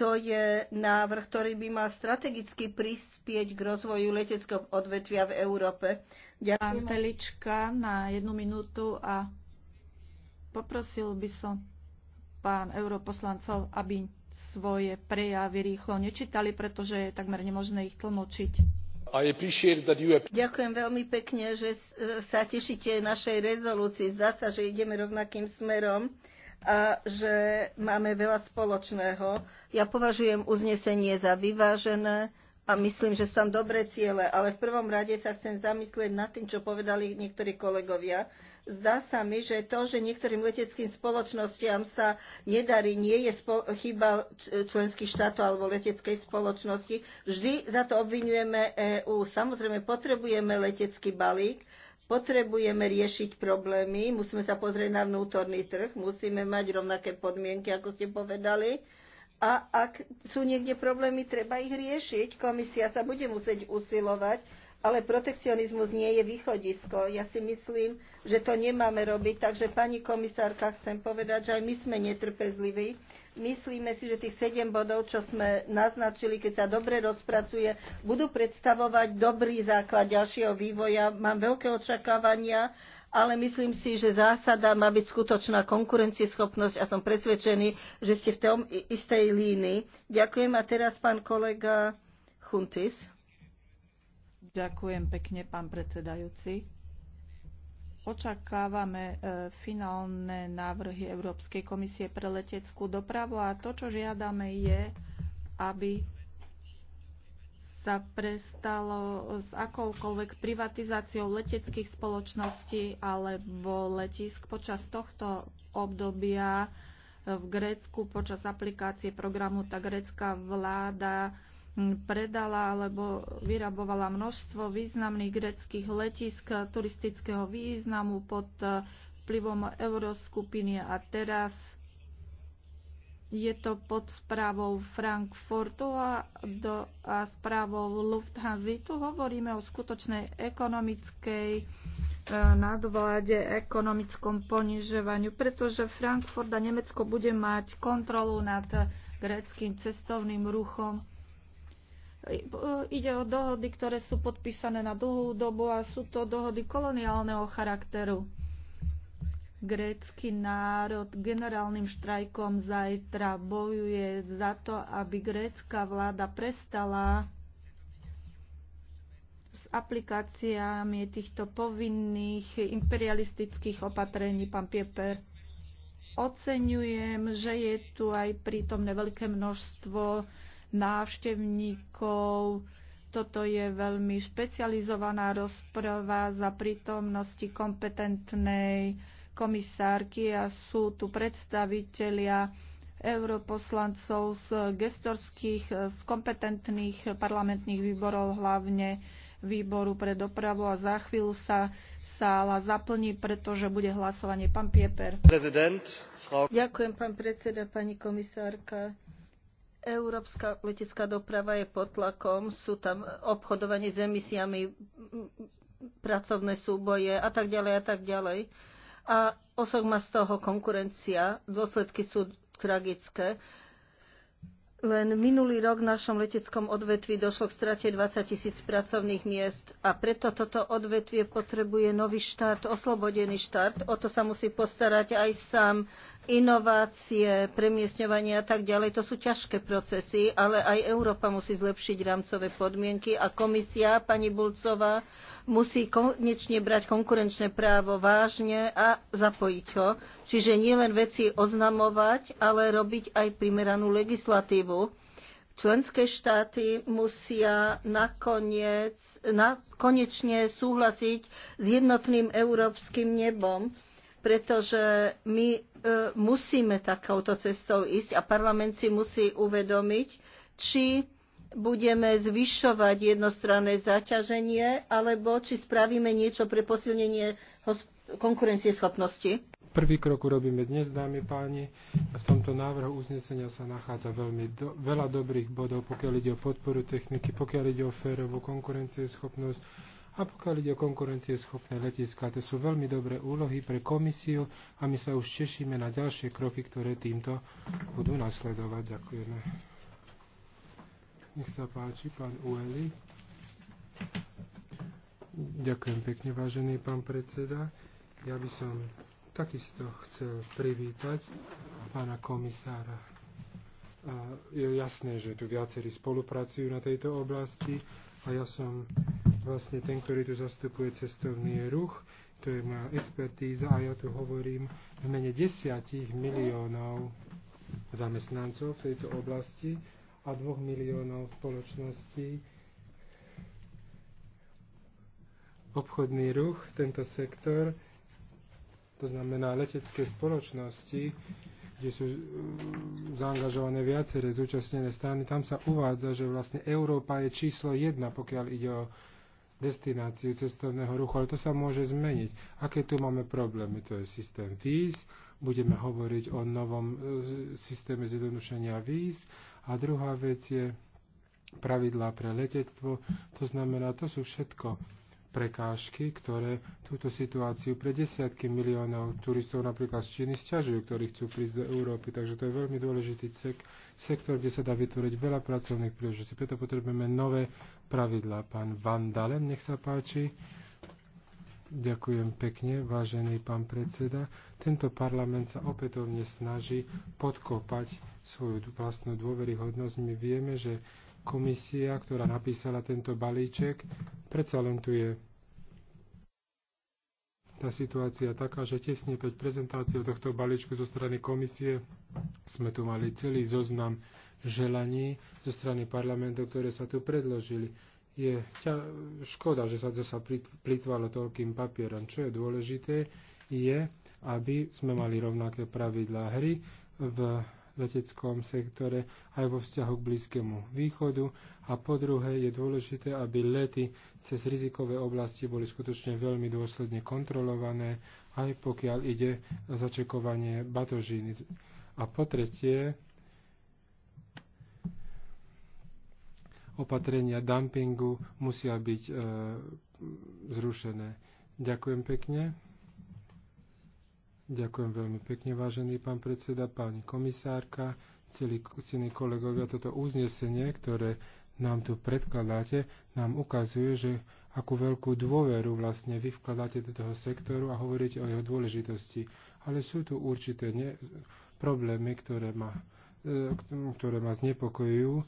To je návrh, ktorý by mal strategicky prispieť k rozvoju leteckého odvetvia v Európe. Ďakujem. Pán Telička na jednu minútu a poprosil by som pán europoslancov, aby svoje prejavy rýchlo nečítali, pretože je takmer nemožné ich tlmočiť. Ďakujem veľmi pekne, že sa tešíte našej rezolúcii. Zdá sa, že ideme rovnakým smerom a že máme veľa spoločného. Ja považujem uznesenie za vyvážené a myslím, že sú tam dobré ciele, ale v prvom rade sa chcem zamyslieť nad tým, čo povedali niektorí kolegovia Zdá sa mi, že to, že niektorým leteckým spoločnostiam sa nedarí, nie je chyba členských štátov alebo leteckej spoločnosti. Vždy za to obvinujeme EÚ. Samozrejme, potrebujeme letecký balík, potrebujeme riešiť problémy, musíme sa pozrieť na vnútorný trh, musíme mať rovnaké podmienky, ako ste povedali. A ak sú niekde problémy, treba ich riešiť. Komisia sa bude musieť usilovať ale protekcionizmus nie je východisko. Ja si myslím, že to nemáme robiť, takže pani komisárka, chcem povedať, že aj my sme netrpezliví. Myslíme si, že tých 7 bodov, čo sme naznačili, keď sa dobre rozpracuje, budú predstavovať dobrý základ ďalšieho vývoja. Mám veľké očakávania, ale myslím si, že zásada má byť skutočná konkurencieschopnosť a som presvedčený, že ste v tom istej línii. Ďakujem a teraz pán kolega Chuntis. Ďakujem pekne, pán predsedajúci. Očakávame e, finálne návrhy Európskej komisie pre leteckú dopravu a to, čo žiadame, je, aby sa prestalo s akoukoľvek privatizáciou leteckých spoločností alebo letisk počas tohto obdobia v Grécku počas aplikácie programu tá grécka vláda predala alebo vyrabovala množstvo významných greckých letisk turistického významu pod e, vplyvom euroskupiny a teraz je to pod správou Frankfurtu a, do, a správou Lufthansa. Tu hovoríme o skutočnej ekonomickej e, nadvláde, ekonomickom ponižovaniu, pretože Frankfurt a Nemecko bude mať kontrolu nad greckým cestovným ruchom E, ide o dohody, ktoré sú podpísané na dlhú dobu a sú to dohody koloniálneho charakteru. Grécky národ generálnym štrajkom zajtra bojuje za to, aby grécka vláda prestala s aplikáciami týchto povinných imperialistických opatrení, pán Pieper. Oceňujem, že je tu aj prítomné veľké množstvo návštevníkov. Toto je veľmi špecializovaná rozprava za prítomnosti kompetentnej komisárky a sú tu predstavitelia europoslancov z gestorských, z kompetentných parlamentných výborov, hlavne výboru pre dopravu a za chvíľu sa sála zaplní, pretože bude hlasovanie. Pán Pieper. Frau... Ďakujem, pán predseda, pani komisárka. Európska letecká doprava je pod tlakom, sú tam obchodovanie s emisiami, pracovné súboje a tak ďalej a tak ďalej. A osok má z toho konkurencia, dôsledky sú tragické. Len minulý rok v našom leteckom odvetvi došlo k strate 20 tisíc pracovných miest a preto toto odvetvie potrebuje nový štart, oslobodený štart. O to sa musí postarať aj sám inovácie, premiesňovanie a tak ďalej, to sú ťažké procesy, ale aj Európa musí zlepšiť rámcové podmienky a komisia, pani Bulcová, musí konečne brať konkurenčné právo vážne a zapojiť ho. Čiže nielen veci oznamovať, ale robiť aj primeranú legislatívu. Členské štáty musia nakoniec, na, konečne súhlasiť s jednotným európskym nebom pretože my e, musíme takouto cestou ísť a parlament si musí uvedomiť, či budeme zvyšovať jednostranné zaťaženie, alebo či spravíme niečo pre posilnenie konkurencieschopnosti. Prvý krok urobíme dnes, dámy páni. V tomto návrhu uznesenia sa nachádza veľmi do, veľa dobrých bodov, pokiaľ ide o podporu techniky, pokiaľ ide o férovú konkurencieschopnosť, a pokiaľ ide o konkurencieschopné letiska, to sú veľmi dobré úlohy pre komisiu a my sa už tešíme na ďalšie kroky, ktoré týmto budú nasledovať. Ďakujeme. Nech sa páči, pán Ueli. Ďakujem pekne, vážený pán predseda. Ja by som takisto chcel privítať pána komisára. je jasné, že tu viacerí spolupracujú na tejto oblasti a ja som vlastne ten, ktorý tu zastupuje cestovný ruch. To je moja expertíza a ja tu hovorím v mene desiatich miliónov zamestnancov v tejto oblasti a dvoch miliónov spoločností. Obchodný ruch, tento sektor, to znamená letecké spoločnosti, kde sú mm, zaangažované viaceré zúčastnené strany, tam sa uvádza, že vlastne Európa je číslo jedna, pokiaľ ide o destináciu cestovného ruchu, ale to sa môže zmeniť. Aké tu máme problémy? To je systém víz, budeme hovoriť o novom e, systéme zjednodušenia víz a druhá vec je pravidlá pre letectvo, to znamená, to sú všetko prekážky, ktoré túto situáciu pre desiatky miliónov turistov napríklad z Číny sťažujú, ktorí chcú prísť do Európy. Takže to je veľmi dôležitý sek- sektor, kde sa dá vytvoriť veľa pracovných príležitostí. Preto potrebujeme nové pravidlá. Pán Van Dalen, nech sa páči. Ďakujem pekne, vážený pán predseda. Tento parlament sa opätovne snaží podkopať svoju vlastnú dôveryhodnosť. My vieme, že komisia, ktorá napísala tento balíček, predsa len tu je tá situácia taká, že tesne pred prezentáciou tohto balíčku zo strany komisie sme tu mali celý zoznam želaní zo strany parlamentu, ktoré sa tu predložili. Je ťa, škoda, že sa to sa plitvalo toľkým papierom. Čo je dôležité, je, aby sme mali rovnaké pravidlá hry v leteckom sektore aj vo vzťahu k Blízkému východu a po druhé je dôležité, aby lety cez rizikové oblasti boli skutočne veľmi dôsledne kontrolované, aj pokiaľ ide začekovanie batožiny. A po tretie, opatrenia dumpingu musia byť e, zrušené. Ďakujem pekne. Ďakujem veľmi pekne, vážený pán predseda, pani komisárka, celí, celí kolegovia. Toto uznesenie, ktoré nám tu predkladáte, nám ukazuje, že akú veľkú dôveru vlastne vy vkladáte do toho sektoru a hovoríte o jeho dôležitosti. Ale sú tu určité ne- problémy, ktoré ma, e, ktoré ma znepokojujú,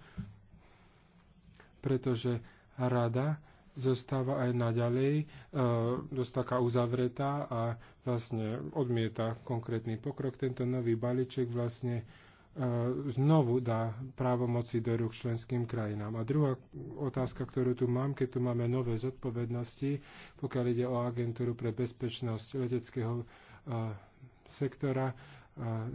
pretože rada zostáva aj naďalej, e, dosť taká uzavretá a vlastne odmieta konkrétny pokrok. Tento nový balíček vlastne e, znovu dá právomoci do rúk členským krajinám. A druhá otázka, ktorú tu mám, keď tu máme nové zodpovednosti, pokiaľ ide o agentúru pre bezpečnosť leteckého e, sektora,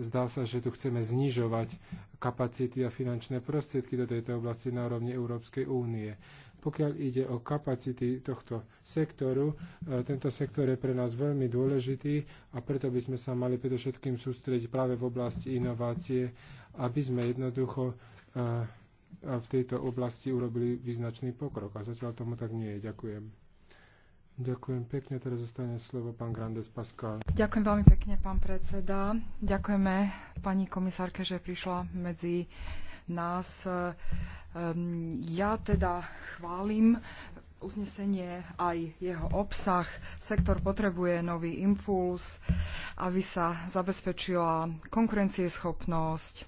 zdá sa, že tu chceme znižovať kapacity a finančné prostriedky do tejto oblasti na úrovni Európskej únie. Pokiaľ ide o kapacity tohto sektoru, e, tento sektor je pre nás veľmi dôležitý a preto by sme sa mali predovšetkým sústrediť práve v oblasti inovácie, aby sme jednoducho e, v tejto oblasti urobili význačný pokrok. A zatiaľ tomu tak nie je. Ďakujem. Ďakujem pekne. Teraz zostane slovo pán Grandes Pascal. Ďakujem veľmi pekne, pán predseda. Ďakujeme pani komisárke, že prišla medzi nás. Ehm, ja teda chválim uznesenie aj jeho obsah. Sektor potrebuje nový impuls, aby sa zabezpečila konkurencieschopnosť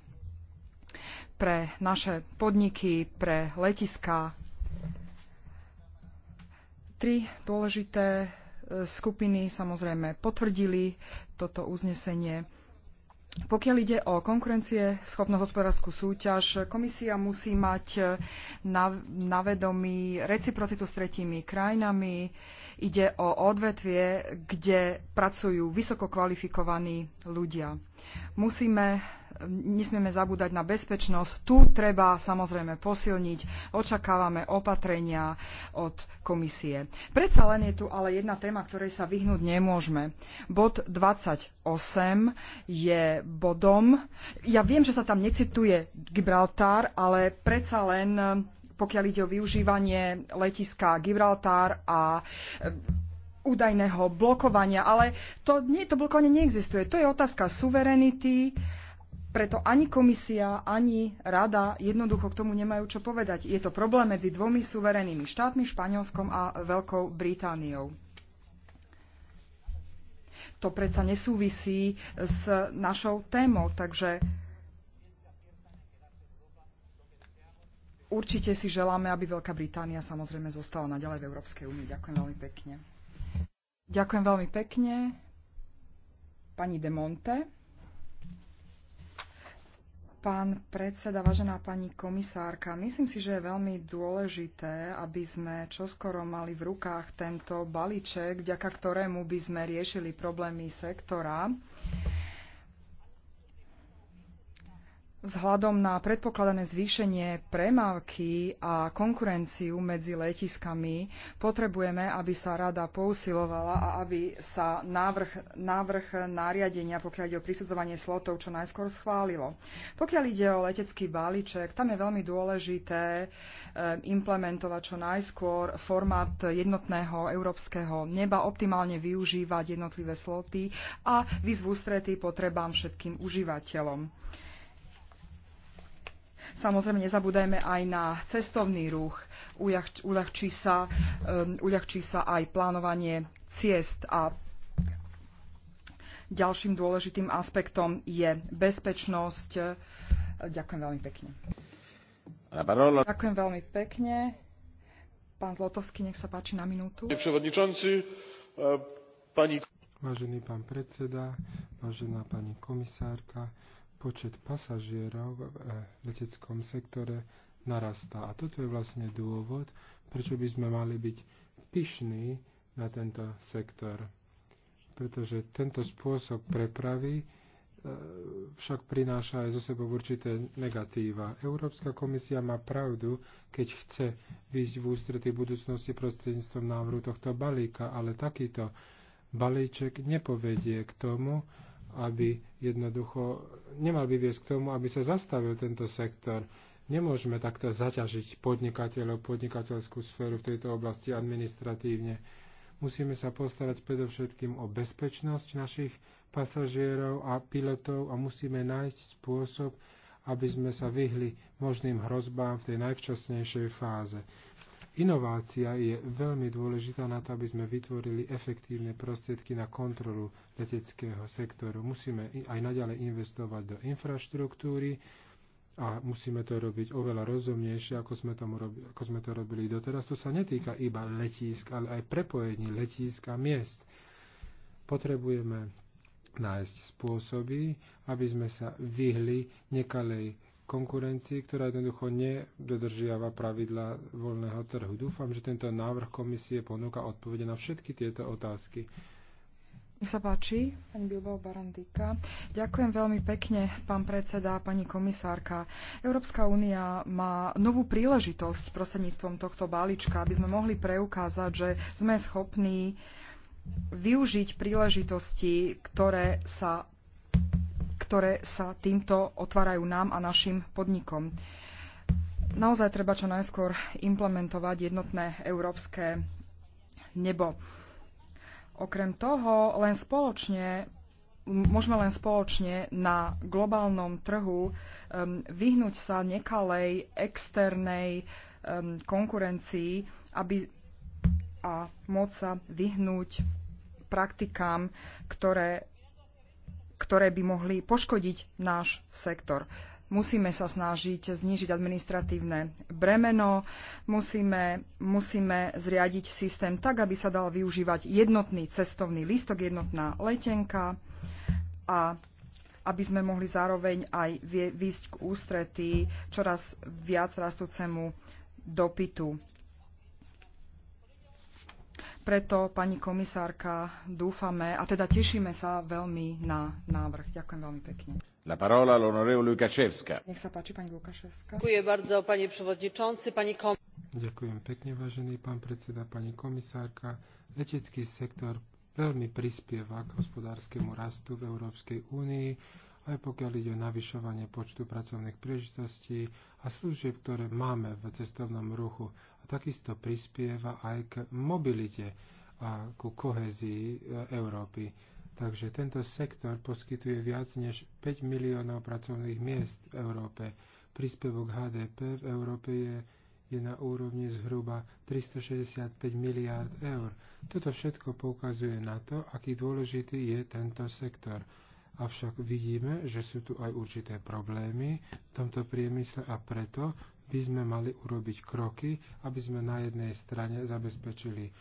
pre naše podniky, pre letiska. Tri dôležité e, skupiny samozrejme potvrdili toto uznesenie. Pokiaľ ide o konkurencie, schopnú hospodárskú súťaž, komisia musí mať eh, na, na vedomí reciprocitu s tretími krajinami. Ide o odvetvie, kde pracujú vysoko kvalifikovaní ľudia. Musíme nesmieme zabúdať na bezpečnosť. Tu treba samozrejme posilniť. Očakávame opatrenia od komisie. Predsa len je tu ale jedna téma, ktorej sa vyhnúť nemôžeme. Bod 28 je bodom. Ja viem, že sa tam necituje Gibraltar, ale predsa len pokiaľ ide o využívanie letiska Gibraltar a e, údajného blokovania, ale to, nie, to blokovanie neexistuje. To je otázka suverenity preto ani komisia, ani rada jednoducho k tomu nemajú čo povedať. Je to problém medzi dvomi suverénnymi štátmi, Španielskom a Veľkou Britániou. To predsa nesúvisí s našou témou, takže určite si želáme, aby Veľká Británia samozrejme zostala naďalej v Európskej únii. Ďakujem veľmi pekne. Ďakujem veľmi pekne. Pani de Monte pán predseda, vážená pani komisárka. Myslím si, že je veľmi dôležité, aby sme čoskoro mali v rukách tento balíček, vďaka ktorému by sme riešili problémy sektora. Vzhľadom na predpokladané zvýšenie premávky a konkurenciu medzi letiskami potrebujeme, aby sa rada pousilovala a aby sa návrh, návrh nariadenia, pokiaľ ide o prisudzovanie slotov, čo najskôr schválilo. Pokiaľ ide o letecký balíček, tam je veľmi dôležité eh, implementovať čo najskôr formát jednotného európskeho neba, optimálne využívať jednotlivé sloty a výzvu potrebám všetkým užívateľom. Samozrejme, nezabúdajme aj na cestovný ruch. Uľahčí sa, um, uľahčí sa aj plánovanie ciest a ďalším dôležitým aspektom je bezpečnosť. Ďakujem veľmi pekne. Ďakujem veľmi pekne. Pán Zlotovský, nech sa páči na minútu. Vážený pán predseda, vážená pani komisárka, počet pasažierov e, v leteckom sektore narastá. A toto je vlastne dôvod, prečo by sme mali byť pyšní na tento sektor. Pretože tento spôsob prepravy e, však prináša aj zo sebou určité negatíva. Európska komisia má pravdu, keď chce výjsť v ústrety budúcnosti prostredníctvom návrhu tohto balíka, ale takýto balíček nepovedie k tomu, aby jednoducho nemal by viesť k tomu, aby sa zastavil tento sektor. Nemôžeme takto zaťažiť podnikateľov, podnikateľskú sféru v tejto oblasti administratívne. Musíme sa postarať predovšetkým o bezpečnosť našich pasažierov a pilotov a musíme nájsť spôsob, aby sme sa vyhli možným hrozbám v tej najvčasnejšej fáze. Inovácia je veľmi dôležitá na to, aby sme vytvorili efektívne prostriedky na kontrolu leteckého sektoru. Musíme aj naďalej investovať do infraštruktúry a musíme to robiť oveľa rozumnejšie, ako sme, tomu robili, ako sme to robili doteraz. To sa netýka iba letísk, ale aj prepojení letísk a miest. Potrebujeme nájsť spôsoby, aby sme sa vyhli nekalej konkurencii, ktorá jednoducho nedodržiava pravidla voľného trhu. Dúfam, že tento návrh komisie ponúka odpovede na všetky tieto otázky. Nech sa páči, pani Bilbao Barandika. Ďakujem veľmi pekne, pán predseda, pani komisárka. Európska únia má novú príležitosť prostredníctvom tohto balíčka, aby sme mohli preukázať, že sme schopní využiť príležitosti, ktoré sa ktoré sa týmto otvárajú nám a našim podnikom. Naozaj treba čo najskôr implementovať jednotné európske nebo. Okrem toho, len spoločne môžeme len spoločne na globálnom trhu um, vyhnúť sa nekalej externej um, konkurencii aby, a môcť sa vyhnúť praktikám, ktoré ktoré by mohli poškodiť náš sektor. Musíme sa snažiť znížiť administratívne bremeno, musíme, musíme zriadiť systém tak, aby sa dal využívať jednotný cestovný lístok, jednotná letenka a aby sme mohli zároveň aj výjsť k ústretí čoraz viac rastúcemu dopytu preto, pani komisárka, dúfame a teda tešíme sa veľmi na návrh. Ďakujem veľmi pekne. La parola l'onorevole Lukaševska. Nech sa páči, pani Lukaševska. Ďakujem bardzo, pani przewodniczący, pani kom... Ďakujem pekne, vážený pán predseda, pani komisárka. Letecký sektor veľmi prispieva k hospodárskemu rastu v Európskej únii, aj pokiaľ ide o navyšovanie počtu pracovných príležitostí a služieb, ktoré máme v cestovnom ruchu takisto prispieva aj k mobilite a ku kohezii e, Európy. Takže tento sektor poskytuje viac než 5 miliónov pracovných miest v Európe. Príspevok HDP v Európe je, je na úrovni zhruba 365 miliárd eur. Toto všetko poukazuje na to, aký dôležitý je tento sektor. Avšak vidíme, že sú tu aj určité problémy v tomto priemysle a preto by sme mali urobiť kroky, aby sme na jednej strane zabezpečili e,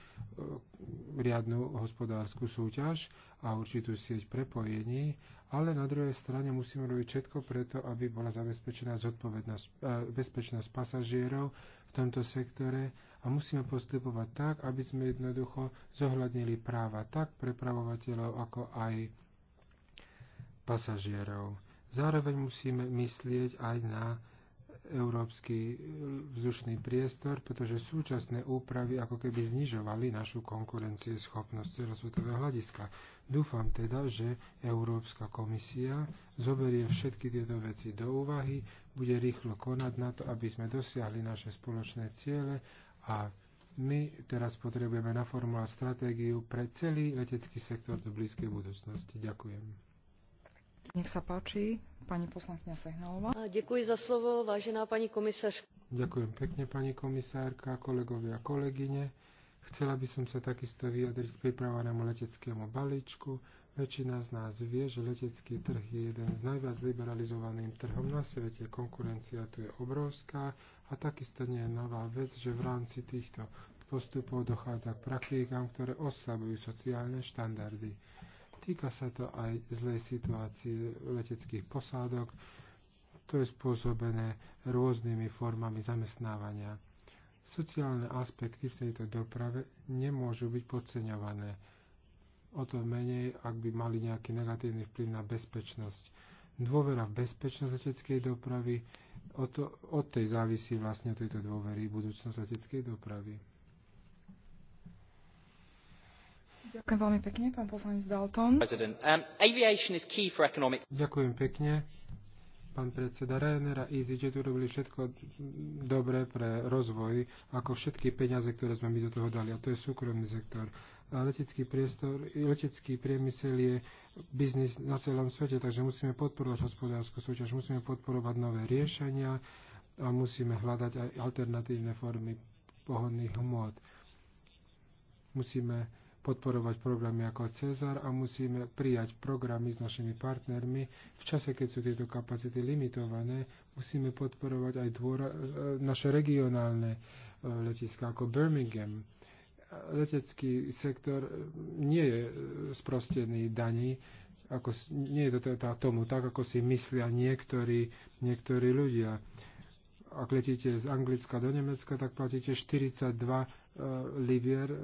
riadnu hospodárskú súťaž a určitú sieť prepojení, ale na druhej strane musíme robiť všetko preto, aby bola zabezpečená zodpovednosť, e, bezpečnosť pasažierov v tomto sektore a musíme postupovať tak, aby sme jednoducho zohľadnili práva tak prepravovateľov, ako aj pasažierov. Zároveň musíme myslieť aj na európsky vzdušný priestor, pretože súčasné úpravy ako keby znižovali našu schopnosť celosvetového hľadiska. Dúfam teda, že Európska komisia zoberie všetky tieto veci do úvahy, bude rýchlo konať na to, aby sme dosiahli naše spoločné ciele a my teraz potrebujeme naformulovať stratégiu pre celý letecký sektor do blízkej budúcnosti. Ďakujem. Nech sa páči, pani poslankyňa Sehnalová. Ďakujem za slovo, vážená pani komisárka. Ďakujem pekne, pani komisárka, kolegovia a kolegyne. Chcela by som sa takisto vyjadriť k pripravenému leteckému balíčku. Väčšina z nás vie, že letecký trh je jeden z najviac liberalizovaným trhom na svete. Konkurencia tu je obrovská a takisto nie je nová vec, že v rámci týchto postupov dochádza k praktikám, ktoré oslabujú sociálne štandardy. Týka sa to aj zlej situácie leteckých posádok. To je spôsobené rôznymi formami zamestnávania. Sociálne aspekty v tejto doprave nemôžu byť podceňované. O to menej, ak by mali nejaký negatívny vplyv na bezpečnosť. Dôvera v bezpečnosť leteckej dopravy, od, to, od tej závisí vlastne od tejto dôvery budúcnosť leteckej dopravy. Ďakujem veľmi pekne, pán poslanec Dalton. Um, Ďakujem pekne. Pán predseda Rainer a EasyJet urobili všetko dobre pre rozvoj, ako všetky peniaze, ktoré sme my do toho dali, a to je súkromný sektor. A letecký, priestor, letecký priemysel je biznis na celom svete, takže musíme podporovať hospodárskú súťaž, musíme podporovať nové riešenia a musíme hľadať aj alternatívne formy pohodných hmôt. Musíme podporovať programy ako Cezar a musíme prijať programy s našimi partnermi. V čase, keď sú tieto kapacity limitované, musíme podporovať aj dvora, e, naše regionálne e, letiska ako Birmingham. Letecký sektor nie je e, sprostený daní, ako, nie je to tomu tak, ako si myslia niektorí, niektorí ľudia ak letíte z Anglicka do Nemecka, tak platíte 42 e, libier, e,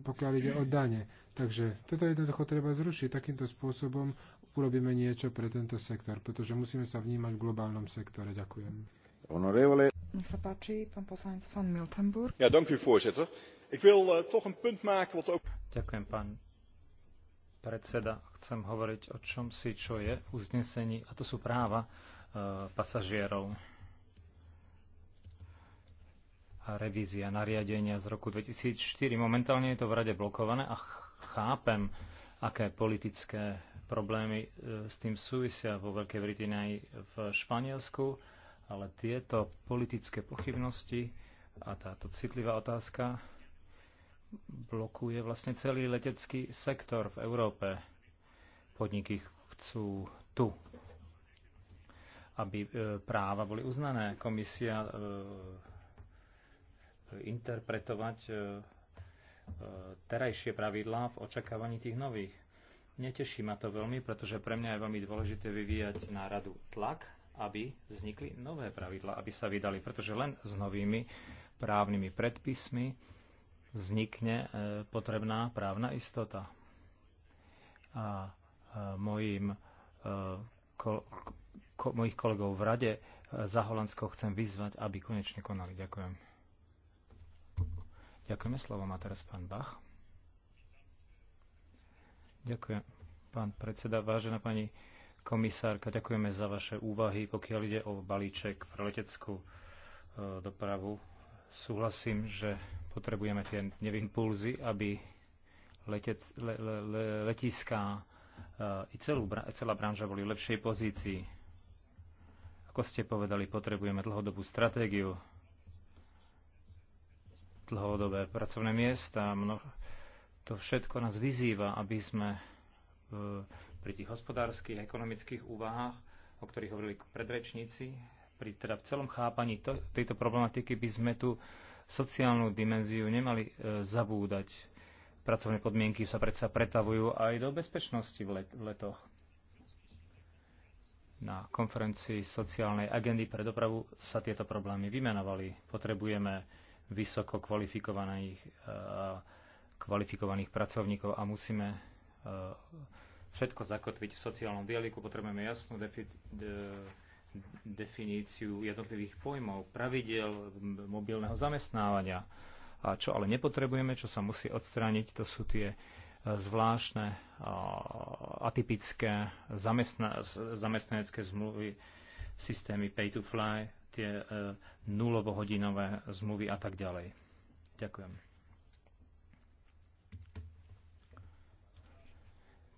pokiaľ ide o dane. Takže toto jednoducho treba zrušiť. Takýmto spôsobom urobíme niečo pre tento sektor, pretože musíme sa vnímať v globálnom sektore. Ďakujem. Honorevole. Nech sa páči, pán poslanec van Miltenburg. Ja, dank u voorzitter. Ik wil uh, toch een punt maken wat ook... Ďakujem, pán predseda. Chcem hovoriť o čom si, čo je v uznesení, a to sú práva uh, pasažierov revízia nariadenia z roku 2004. Momentálne je to v rade blokované a chápem, aké politické problémy e, s tým súvisia vo Veľkej Británii v Španielsku, ale tieto politické pochybnosti a táto citlivá otázka blokuje vlastne celý letecký sektor v Európe. Podniky chcú tu aby e, práva boli uznané. Komisia e, interpretovať e, e, terajšie pravidlá v očakávaní tých nových. Neteší ma to veľmi, pretože pre mňa je veľmi dôležité vyvíjať náradu tlak, aby vznikli nové pravidlá, aby sa vydali, pretože len s novými právnymi predpismi vznikne e, potrebná právna istota. A mojim, ko, ko, mojich kolegov v rade za Holandsko chcem vyzvať, aby konečne konali. Ďakujem. Ďakujeme. Slovo má teraz pán Bach. Ďakujem, pán predseda. Vážená pani komisárka, ďakujeme za vaše úvahy, pokiaľ ide o balíček pre leteckú e, dopravu. Súhlasím, že potrebujeme tie nevimpulzy, aby letec, le, le, le, letiská e, i celú, celá branža boli v lepšej pozícii. Ako ste povedali, potrebujeme dlhodobú stratégiu dlhodobé pracovné miesta. Mno, to všetko nás vyzýva, aby sme e, pri tých hospodárskych a ekonomických úvahách, o ktorých hovorili predrečníci, pri teda v celom chápaní to, tejto problematiky by sme tu sociálnu dimenziu nemali e, zabúdať. Pracovné podmienky sa predsa pretavujú aj do bezpečnosti v, let, v letoch. Na konferencii sociálnej agendy pre dopravu sa tieto problémy vymenovali. Potrebujeme vysoko kvalifikovaných, e, kvalifikovaných pracovníkov a musíme e, všetko zakotviť v sociálnom dialiku. Potrebujeme jasnú defi- de- definíciu jednotlivých pojmov, pravidel mobilného zamestnávania. A čo ale nepotrebujeme, čo sa musí odstrániť, to sú tie e, zvláštne, atypické zamestnanecké zmluvy, systémy pay to fly, tie e, nulovohodinové zmluvy a tak ďalej. Ďakujem.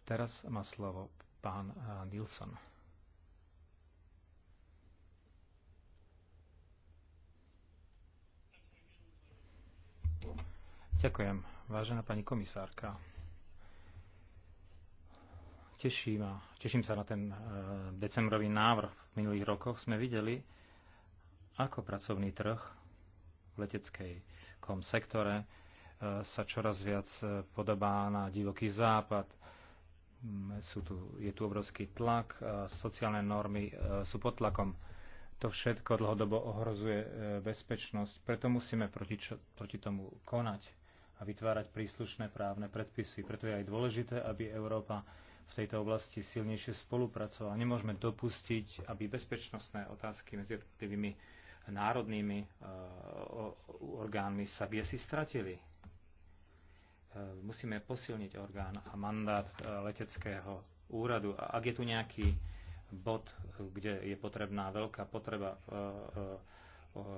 Teraz má slovo pán e, Nilsson. Ďakujem, vážená pani komisárka. Teší ma, teším sa na ten e, decembrový návrh. V minulých rokoch sme videli, ako pracovný trh v leteckej kom sektore e, sa čoraz viac e, podobá na divoký západ. Mm, sú tu, je tu obrovský tlak, sociálne normy e, sú pod tlakom. To všetko dlhodobo ohrozuje bezpečnosť, preto musíme proti, čo, proti tomu konať a vytvárať príslušné právne predpisy. Preto je aj dôležité, aby Európa v tejto oblasti silnejšie spolupracovala. Nemôžeme dopustiť, aby bezpečnostné otázky medzi jednotlivými národnými eh, orgánmi sa kde si stratili. Eh, musíme posilniť orgán a mandát eh, leteckého úradu. A ak je tu nejaký bod, kde je potrebná veľká potreba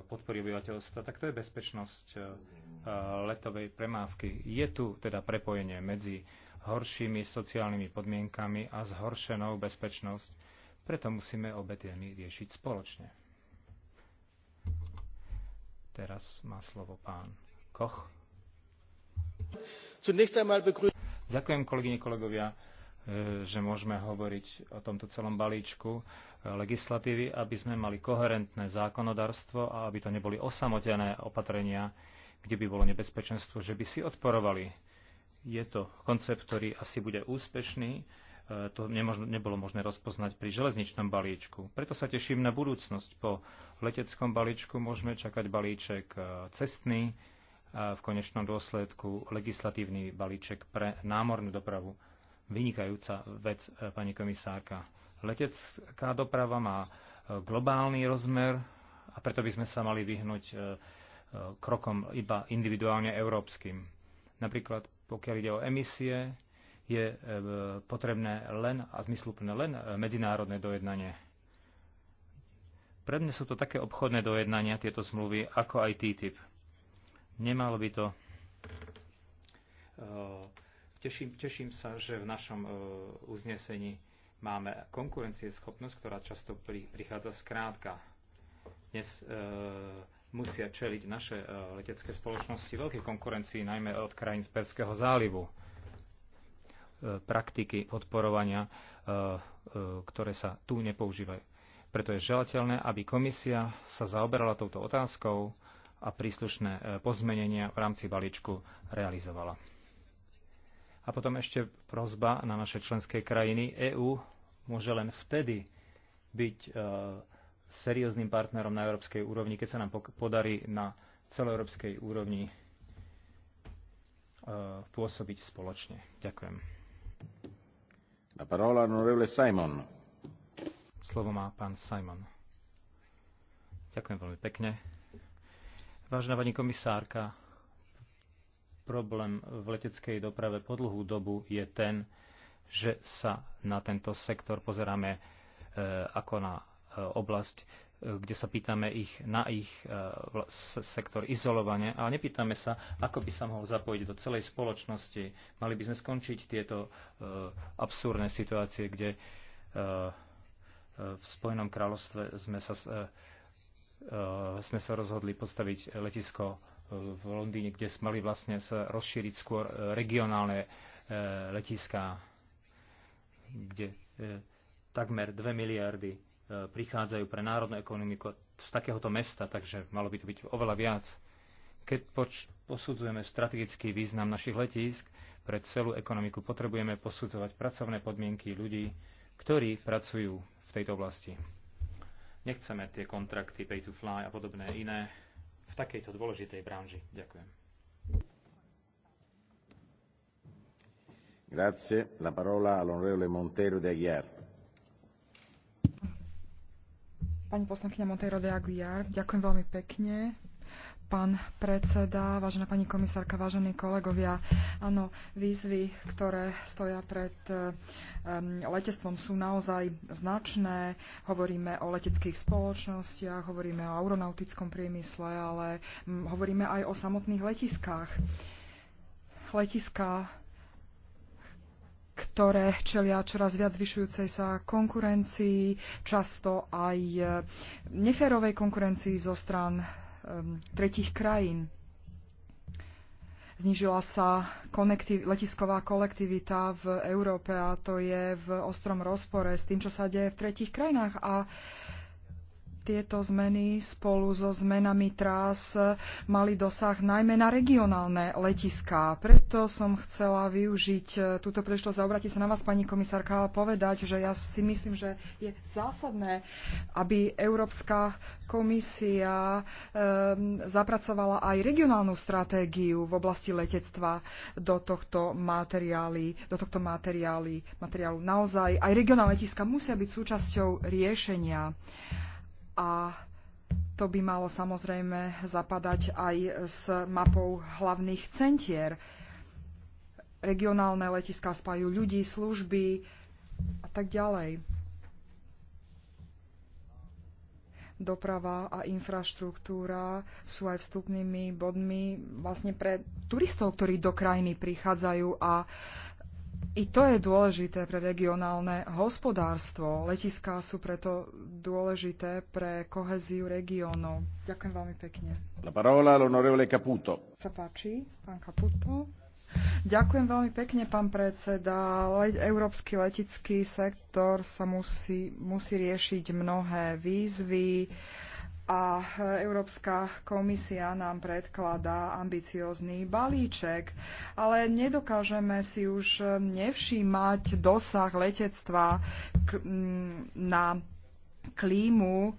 podpory obyvateľstva, tak to je bezpečnosť letovej premávky. Je tu teda prepojenie medzi horšími sociálnymi podmienkami a zhoršenou bezpečnosť, preto musíme obe témy riešiť spoločne. Teraz má slovo pán Koch. Ďakujem, kolegyne, kolegovia, e, že môžeme hovoriť o tomto celom balíčku e, legislatívy, aby sme mali koherentné zákonodarstvo a aby to neboli osamotené opatrenia, kde by bolo nebezpečenstvo, že by si odporovali. Je to koncept, ktorý asi bude úspešný to nemožno, nebolo možné rozpoznať pri železničnom balíčku. Preto sa teším na budúcnosť. Po leteckom balíčku môžeme čakať balíček e, cestný a v konečnom dôsledku legislatívny balíček pre námornú dopravu. Vynikajúca vec, e, pani komisárka. Letecká doprava má e, globálny rozmer a preto by sme sa mali vyhnúť krokom iba individuálne európskym. Napríklad pokiaľ ide o emisie, je e, potrebné len a zmysluplné len e, medzinárodné dojednanie. Pre mňa sú to také obchodné dojednania, tieto zmluvy, ako aj TTIP. Nemalo by to... E, teším, teším sa, že v našom uznesení máme konkurencieschopnosť, ktorá často prichádza zkrátka. Dnes musia čeliť naše letecké spoločnosti veľkej konkurencii, najmä od krajín z Perského zálivu E, praktiky podporovania, e, e, ktoré sa tu nepoužívajú. Preto je želateľné, aby komisia sa zaoberala touto otázkou a príslušné pozmenenia v rámci balíčku realizovala. A potom ešte prozba na naše členské krajiny. EÚ môže len vtedy byť serióznym partnerom na európskej úrovni, keď sa nám podarí na celoeurópskej úrovni pôsobiť spoločne. Ďakujem. Slovo má pán Simon. Ďakujem veľmi pekne. Vážená pani komisárka, problém v leteckej doprave po dlhú dobu je ten, že sa na tento sektor pozeráme e, ako na e, oblasť, kde sa pýtame ich na ich e, sektor izolovane, ale nepýtame sa, ako by sa mohol zapojiť do celej spoločnosti. Mali by sme skončiť tieto e, absurdné situácie, kde e, v Spojenom kráľovstve sme sa, sme sa rozhodli postaviť letisko v Londýne, kde sme mali vlastne sa rozšíriť skôr regionálne letiská, kde takmer 2 miliardy prichádzajú pre národnú ekonomiku z takéhoto mesta, takže malo by to byť oveľa viac. Keď poč- posudzujeme strategický význam našich letísk pre celú ekonomiku, potrebujeme posudzovať pracovné podmienky ľudí, ktorí pracujú v tejto oblasti. Nechceme tie kontrakty pay to fly a podobné iné v takejto dôležitej branži. Ďakujem. Grazie. La parola all'onorevole Montero de Aguiar. Pani poslankyňa Monteiro de Aguiar, ďakujem veľmi pekne. Pán predseda, vážená pani komisárka, vážení kolegovia, áno, výzvy, ktoré stoja pred um, letectvom sú naozaj značné. Hovoríme o leteckých spoločnostiach, hovoríme o aeronautickom priemysle, ale um, hovoríme aj o samotných letiskách. Letiska ktoré čelia čoraz viac zvyšujúcej sa konkurencii, často aj e, neférovej konkurencii zo strán um, tretich krajín. Znížila sa konektiv- letisková kolektivita v Európe a to je v ostrom rozpore s tým, čo sa deje v tretich krajinách. A uh, tieto zmeny spolu so zmenami trás mali dosah najmä na regionálne letiská. Preto som chcela využiť e, túto príležitosť a obrátiť sa na vás, pani komisárka, a povedať, že ja si myslím, že je zásadné, aby Európska komisia um, zapracovala aj regionálnu stratégiu v oblasti letectva do tohto materiály, do tohto materiály, materiálu. Naozaj aj regionálne letiska musia byť súčasťou riešenia a to by malo samozrejme zapadať aj s mapou hlavných centier. Regionálne letiska spajú ľudí, služby a tak ďalej. doprava a infraštruktúra sú aj vstupnými bodmi vlastne pre turistov, ktorí do krajiny prichádzajú a i to je dôležité pre regionálne hospodárstvo. Letiská sú preto dôležité pre koheziu regiónov. Ďakujem veľmi pekne. La parola l'onorevole Caputo. Sa páči, pán Caputo. Ďakujem veľmi pekne, pán predseda. Európsky letický sektor sa musí, musí riešiť mnohé výzvy. Uh, a Európska komisia nám predkladá ambiciózny balíček, ale nedokážeme si už nevšímať dosah letectva mm, na klímu,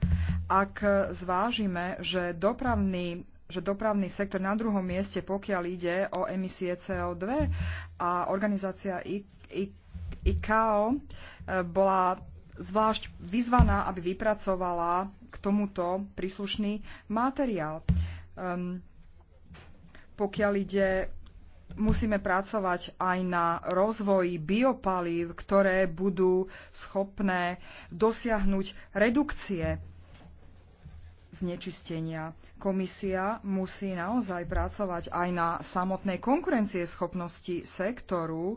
ak zvážime, že dopravný že dopravný sektor na druhom mieste, pokiaľ ide o emisie CO2 a organizácia ICAO e, bola zvlášť vyzvaná, aby vypracovala k tomuto príslušný materiál. Um, pokiaľ ide, musíme pracovať aj na rozvoji biopalív, ktoré budú schopné dosiahnuť redukcie znečistenia. Komisia musí naozaj pracovať aj na samotnej konkurencieschopnosti sektoru,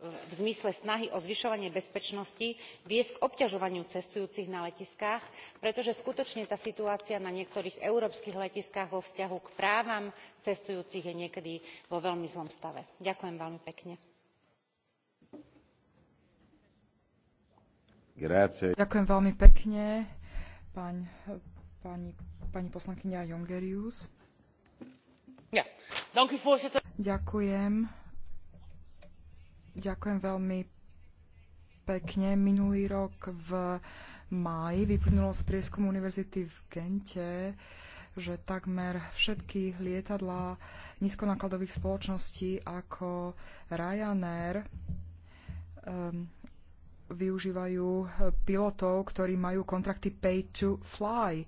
v zmysle snahy o zvyšovanie bezpečnosti viesť k obťažovaniu cestujúcich na letiskách pretože skutočne tá situácia na niektorých európskych letiskách vo vzťahu k právam cestujúcich je niekedy vo veľmi zlom stave. ďakujem veľmi pekne. Ďakujem veľmi pekne. Minulý rok v máji vyplynulo z prieskumu univerzity v Gente, že takmer všetky lietadlá nízkonákladových spoločností ako Ryanair um, využívajú pilotov, ktorí majú kontrakty pay to fly.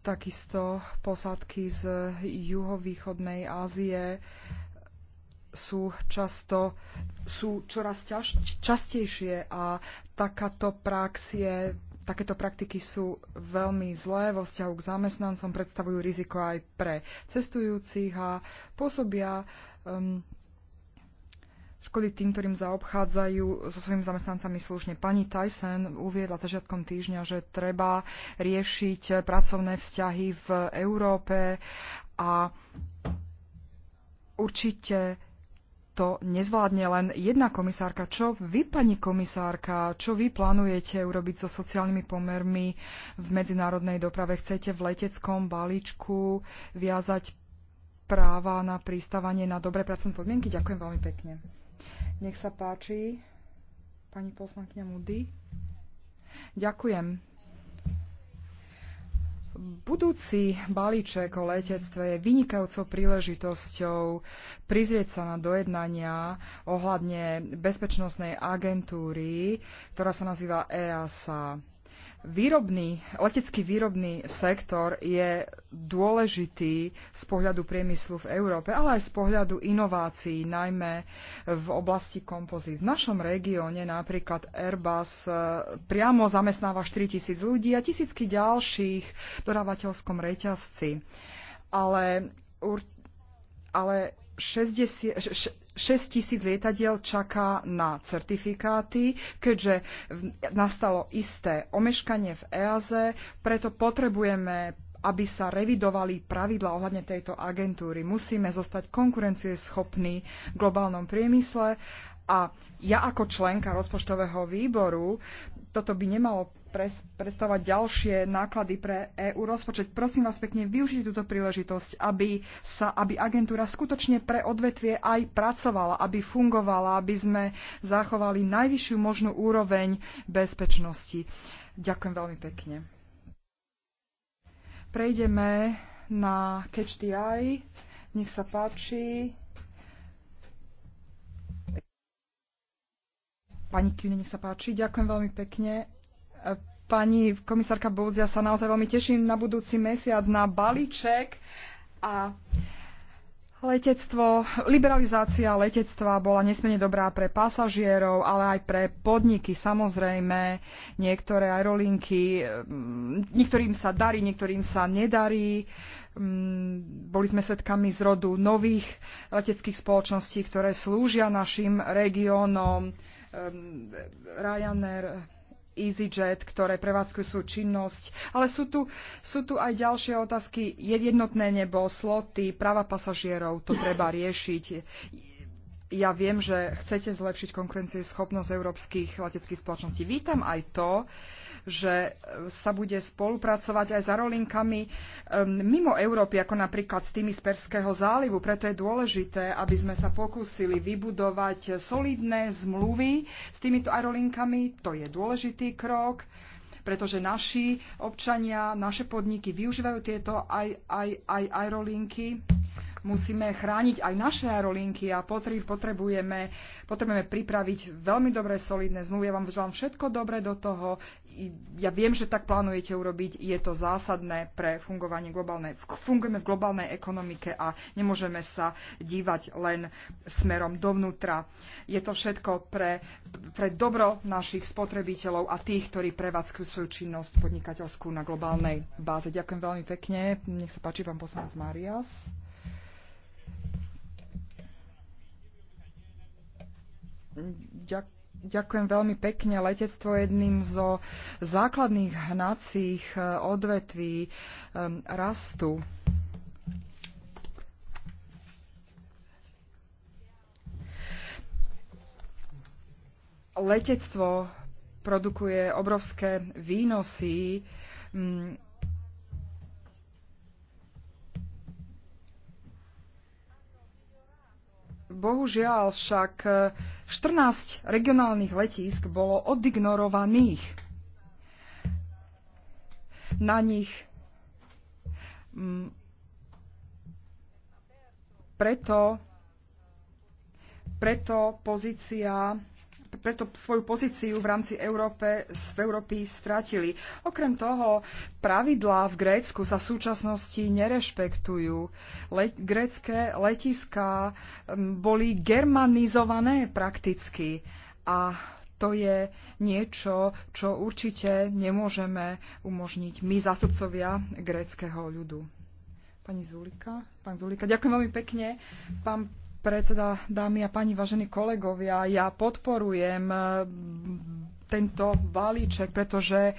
Takisto posádky z juhovýchodnej Ázie sú často sú čoraz ťaž, častejšie a takáto prax je, takéto praktiky sú veľmi zlé vo vzťahu k zamestnancom, predstavujú riziko aj pre cestujúcich a pôsobia um, škody tým, ktorým zaobchádzajú so svojimi zamestnancami slušne. Pani Tyson uviedla začiatkom týždňa, že treba riešiť pracovné vzťahy v Európe a určite to nezvládne len jedna komisárka. Čo vy, pani komisárka, čo vy plánujete urobiť so sociálnymi pomermi v medzinárodnej doprave? Chcete v leteckom balíčku viazať práva na pristávanie na dobré pracovné podmienky? Ďakujem veľmi pekne. Nech sa páči, pani poslankyňa Mudy. Ďakujem. Budúci balíček o letectve je vynikajúcou príležitosťou prizrieť sa na dojednania ohľadne bezpečnostnej agentúry, ktorá sa nazýva EASA. Výrobný, letecký výrobný sektor je dôležitý z pohľadu priemyslu v Európe, ale aj z pohľadu inovácií, najmä v oblasti kompozí. V našom regióne napríklad Airbus e, priamo zamestnáva 4000 ľudí a tisícky ďalších v dodávateľskom reťazci. Ale, ale 6 tisíc lietadiel čaká na certifikáty, keďže nastalo isté omeškanie v EAZ, preto potrebujeme aby sa revidovali pravidla ohľadne tejto agentúry. Musíme zostať konkurencieschopní v globálnom priemysle a ja ako členka rozpočtového výboru toto by nemalo pres, predstavovať ďalšie náklady pre EU rozpočet. Prosím vás pekne, využite túto príležitosť, aby, sa, aby agentúra skutočne pre odvetvie aj pracovala, aby fungovala, aby sme zachovali najvyššiu možnú úroveň bezpečnosti. Ďakujem veľmi pekne. Prejdeme na Catch the Eye. Nech sa páči. Pani Kvine, nech sa páči. Ďakujem veľmi pekne. Pani komisárka Bouc, ja sa naozaj veľmi teším na budúci mesiac na balíček a letectvo, liberalizácia letectva bola nesmierne dobrá pre pasažierov, ale aj pre podniky samozrejme. Niektoré aerolinky, mm, niektorým sa darí, niektorým sa nedarí mm, boli sme svedkami zrodu nových leteckých spoločností, ktoré slúžia našim regiónom. Ehm, Ryanair, EasyJet, ktoré prevádzkujú svoju činnosť. Ale sú tu, sú tu aj ďalšie otázky. Jednotné nebo, sloty, práva pasažierov, to treba riešiť ja viem, že chcete zlepšiť konkurencieschopnosť európskych leteckých spoločností. Vítam aj to, že e, sa bude spolupracovať aj s aerolinkami e, mimo Európy, ako napríklad s tými z Perského zálivu. Preto je dôležité, aby sme sa pokúsili vybudovať solidné zmluvy s týmito aerolinkami. To je dôležitý krok pretože naši občania, naše podniky využívajú tieto aj, aj, aj aerolinky musíme chrániť aj naše aerolinky a potrebujeme, potrebujeme pripraviť veľmi dobré solidné zmluvy. Ja vám želám všetko dobré do toho. Ja viem, že tak plánujete urobiť. Je to zásadné pre fungovanie globálnej, fungujeme v globálnej ekonomike a nemôžeme sa dívať len smerom dovnútra. Je to všetko pre, pre dobro našich spotrebiteľov a tých, ktorí prevádzkujú svoju činnosť podnikateľskú na globálnej báze. Ďakujem veľmi pekne. Nech sa páči pán poslanec Marias. Ďakujem veľmi pekne. Letectvo je jedným zo základných hnacích e, odvetví e, rastu. Letectvo produkuje obrovské výnosy mm, Bohužiaľ však 14 e, regionálnych letísk bolo odignorovaných. Na nich mm, preto, preto pozícia preto svoju pozíciu v rámci Európe, v Európy stratili. Okrem toho, pravidlá v Grécku sa v súčasnosti nerešpektujú. Le- grécké letiská boli germanizované prakticky a to je niečo, čo určite nemôžeme umožniť my, zástupcovia gréckého ľudu. Pani Zulika, pán Zulika, ďakujem veľmi pekne. Pán predseda, dámy a páni, vážení kolegovia, ja podporujem eh, tento balíček, pretože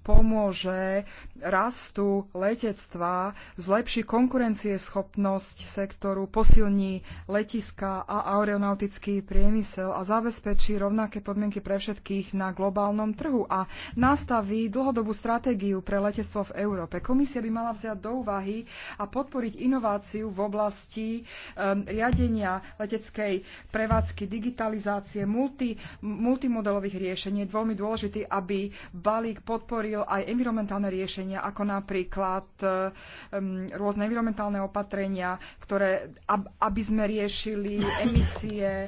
pomôže rastu letectva, zlepší konkurencieschopnosť sektoru, posilní letiska a aeronautický priemysel a zabezpečí rovnaké podmienky pre všetkých na globálnom trhu a nastaví dlhodobú stratégiu pre letectvo v Európe. Komisia by mala vziať do úvahy a podporiť inováciu v oblasti um, riadenia leteckej prevádzky, digitalizácie, multi, multimodelových riešení. Je veľmi dôležité, aby balík podpory hovoril aj environmentálne riešenia, ako napríklad um, rôzne environmentálne opatrenia, ktoré, ab, aby sme riešili emisie,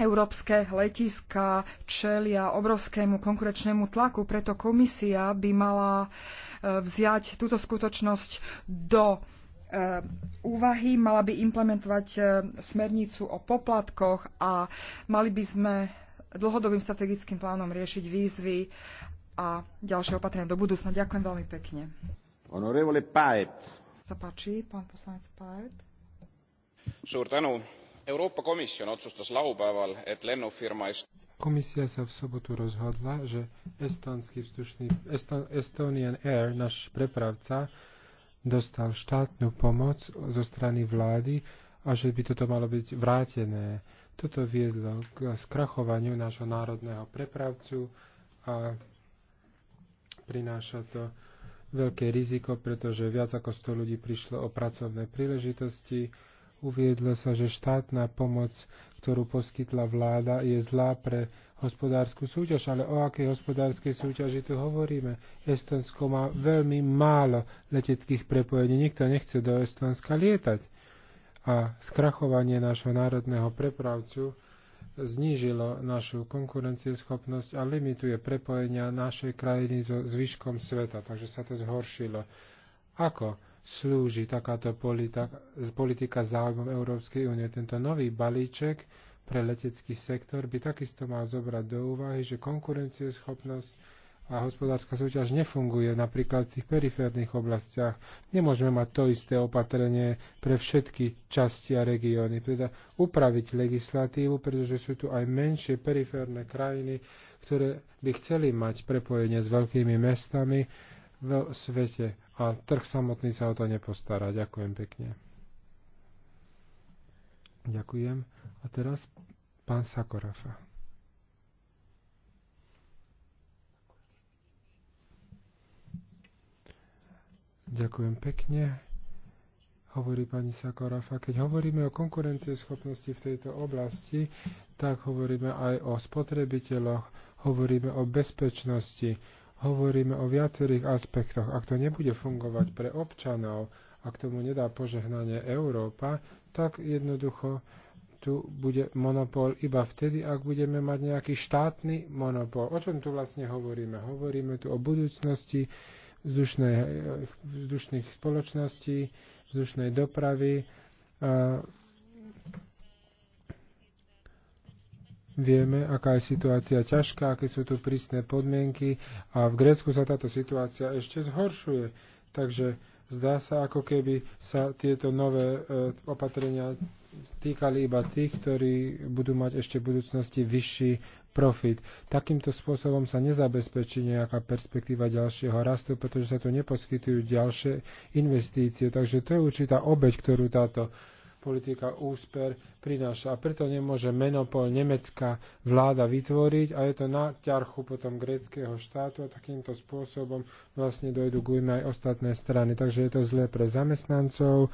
Európske letiska čelia obrovskému konkurečnému tlaku, preto komisia by mala e, vziať túto skutočnosť do e, úvahy, mala by implementovať smernicu o poplatkoch a mali by sme dlhodobým strategickým plánom riešiť výzvy a ďalšie opatrenia do budúcna. Ďakujem veľmi pekne. Honorevole Paet. Sa páči, pán poslanec Paet. Suur tänu. Euroopa Komisjon otsustas laupäeval, et lennufirma est... Komisia sa v sobotu rozhodla, že estonský vzdušný, Eston, Estonian Air, náš prepravca, dostal štátnu pomoc zo strany vlády a že by toto malo byť vrátené. Toto viedlo k skrachovaniu nášho národného prepravcu a prináša to veľké riziko, pretože viac ako 100 ľudí prišlo o pracovné príležitosti. Uviedlo sa, že štátna pomoc, ktorú poskytla vláda, je zlá pre hospodárskú súťaž. Ale o akej hospodárskej súťaži tu hovoríme? Estonsko má veľmi málo leteckých prepojení. Nikto nechce do Estonska lietať. A skrachovanie nášho národného prepravcu znížilo našu konkurencieschopnosť a limituje prepojenia našej krajiny so zvyškom sveta, takže sa to zhoršilo. Ako slúži takáto politika, politika záujmom Európskej únie? Tento nový balíček pre letecký sektor by takisto mal zobrať do úvahy, že konkurencieschopnosť a hospodárska súťaž nefunguje napríklad v tých periférnych oblastiach. Nemôžeme mať to isté opatrenie pre všetky časti a regióny, teda upraviť legislatívu, pretože sú tu aj menšie periférne krajiny, ktoré by chceli mať prepojenie s veľkými mestami v svete a trh samotný sa o to nepostará. Ďakujem pekne. Ďakujem. A teraz pán Sakorafa. Ďakujem pekne. Hovorí pani Sakorafa, keď hovoríme o konkurencieschopnosti v tejto oblasti, tak hovoríme aj o spotrebiteľoch, hovoríme o bezpečnosti, hovoríme o viacerých aspektoch. Ak to nebude fungovať pre občanov, ak tomu nedá požehnanie Európa, tak jednoducho tu bude monopol iba vtedy, ak budeme mať nejaký štátny monopol. O čom tu vlastne hovoríme? Hovoríme tu o budúcnosti vzdušnej, vzdušných spoločností, vzdušnej dopravy. A vieme, aká je situácia ťažká, aké sú tu prísne podmienky a v Grécku sa táto situácia ešte zhoršuje. Takže zdá sa, ako keby sa tieto nové e, opatrenia týkali iba tých, ktorí budú mať ešte v budúcnosti vyšší profit. Takýmto spôsobom sa nezabezpečí nejaká perspektíva ďalšieho rastu, pretože sa tu neposkytujú ďalšie investície. Takže to je určitá obeď, ktorú táto politika úsper prináša. A preto nemôže menopol nemecká vláda vytvoriť a je to na ťarchu potom gréckého štátu a takýmto spôsobom vlastne dojdu k aj ostatné strany. Takže je to zlé pre zamestnancov,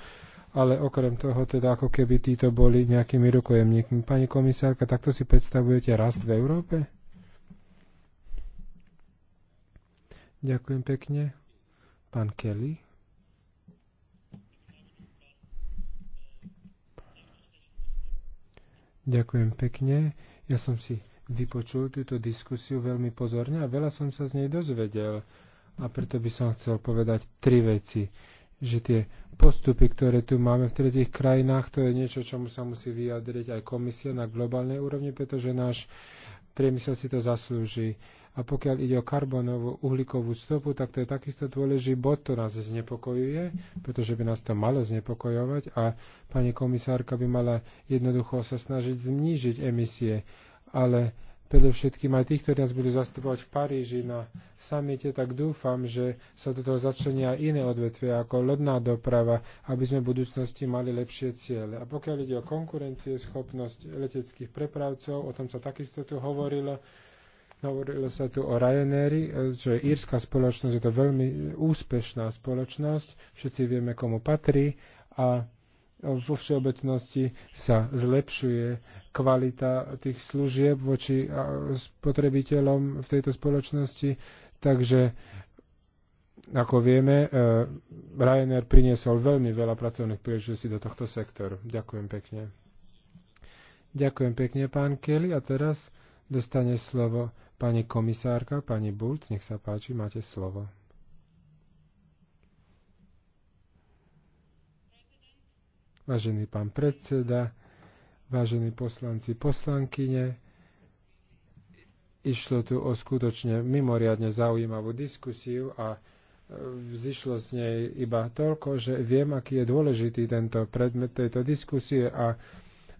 ale okrem toho teda ako keby títo boli nejakými rukojemníkmi. Pani komisárka, takto si predstavujete rast v Európe? Ďakujem pekne. Pán Kelly. Ďakujem pekne. Ja som si vypočul túto diskusiu veľmi pozorne a veľa som sa z nej dozvedel. A preto by som chcel povedať tri veci že tie postupy, ktoré tu máme v tretich krajinách, to je niečo, čomu sa musí vyjadriť aj komisia na globálnej úrovni, pretože náš priemysel si to zaslúži. A pokiaľ ide o karbonovú uhlíkovú stopu, tak to je takisto dôležitý bod, to nás znepokojuje, pretože by nás to malo znepokojovať a pani komisárka by mala jednoducho sa snažiť znížiť emisie. Ale predovšetkým aj tých, ktorí nás budú zastupovať v Paríži na samite, tak dúfam, že sa do toho začlenia aj iné odvetvia ako lodná doprava, aby sme v budúcnosti mali lepšie ciele. A pokiaľ ide o konkurencie, schopnosť leteckých prepravcov, o tom sa takisto tu hovorilo, Hovorilo sa tu o Ryanairi, čo je írska spoločnosť, je to veľmi úspešná spoločnosť, všetci vieme, komu patrí a vo všeobecnosti sa zlepšuje kvalita tých služieb voči spotrebiteľom v tejto spoločnosti. Takže, ako vieme, e, Ryanair priniesol veľmi veľa pracovných príležitostí do tohto sektoru. Ďakujem pekne. Ďakujem pekne, pán Kelly. A teraz dostane slovo pani komisárka, pani Bulc. Nech sa páči, máte slovo. vážený pán predseda, vážení poslanci, poslankyne. Išlo tu o skutočne mimoriadne zaujímavú diskusiu a e, zišlo z nej iba toľko, že viem, aký je dôležitý tento predmet tejto diskusie a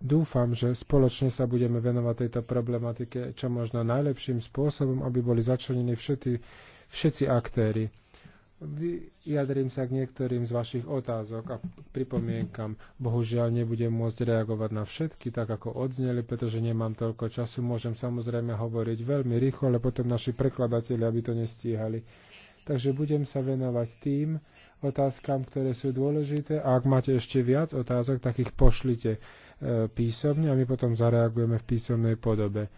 dúfam, že spoločne sa budeme venovať tejto problematike čo možno najlepším spôsobom, aby boli začlenení všetci, všetci aktéry. Vyjadrím sa k niektorým z vašich otázok a pripomienkam. Bohužiaľ nebudem môcť reagovať na všetky, tak ako odzneli, pretože nemám toľko času. Môžem samozrejme hovoriť veľmi rýchlo, ale potom naši prekladatelia by to nestíhali. Takže budem sa venovať tým otázkam, ktoré sú dôležité a ak máte ešte viac otázok, tak ich pošlite e, písomne a my potom zareagujeme v písomnej podobe.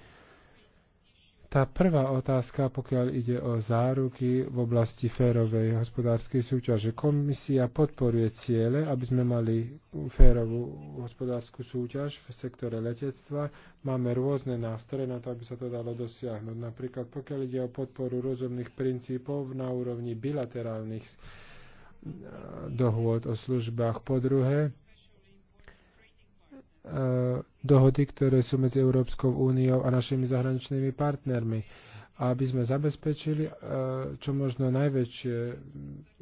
Tá prvá otázka, pokiaľ ide o záruky v oblasti férovej hospodárskej súťaže. Komisia podporuje ciele, aby sme mali férovú hospodárskú súťaž v sektore letectva. Máme rôzne nástroje na to, aby sa to dalo dosiahnuť. Napríklad pokiaľ ide o podporu rozumných princípov na úrovni bilaterálnych eh, dohôd o službách. Po druhé, E, dohody, ktoré sú medzi Európskou úniou a našimi zahraničnými partnermi. A aby sme zabezpečili e, čo možno najväčšie,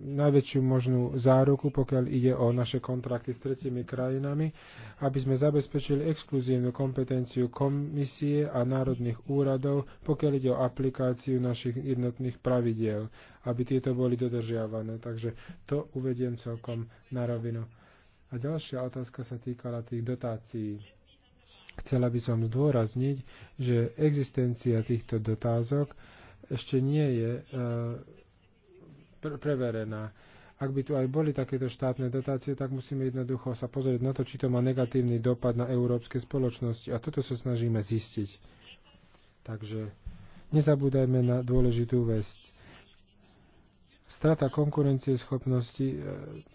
najväčšiu možnú záruku, pokiaľ ide o naše kontrakty s tretimi krajinami, aby sme zabezpečili exkluzívnu kompetenciu komisie a národných úradov, pokiaľ ide o aplikáciu našich jednotných pravidiel, aby tieto boli dodržiavané. Takže to uvediem celkom na rovinu. A ďalšia otázka sa týkala tých dotácií. Chcela by som zdôrazniť, že existencia týchto dotázok ešte nie je e, preverená ak by tu aj boli takéto štátne dotácie, tak musíme jednoducho sa pozrieť na to, či to má negatívny dopad na európske spoločnosti. A toto sa snažíme zistiť. Takže nezabúdajme na dôležitú vesť. Strata konkurencieschopnosti e,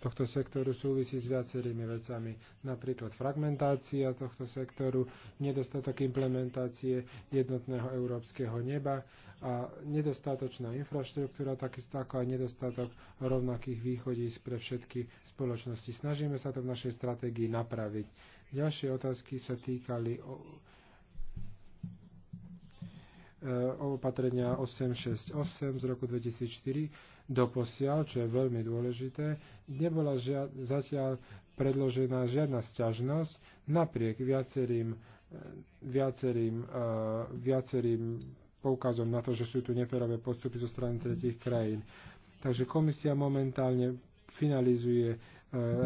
tohto sektoru súvisí s viacerými vecami, napríklad fragmentácia tohto sektoru, nedostatok implementácie jednotného európskeho neba a nedostatočná infraštruktúra, takisto ako aj nedostatok rovnakých východísk pre všetky spoločnosti. Snažíme sa to v našej stratégii napraviť. Ďalšie otázky sa týkali o e, opatrenia 868 z roku 2004 doposiaľ, čo je veľmi dôležité, nebola žiad, zatiaľ predložená žiadna sťažnosť napriek viacerým, eh, viacerým, eh, viacerým poukazom na to, že sú tu neferové postupy zo strany tretich krajín. Takže komisia momentálne finalizuje eh,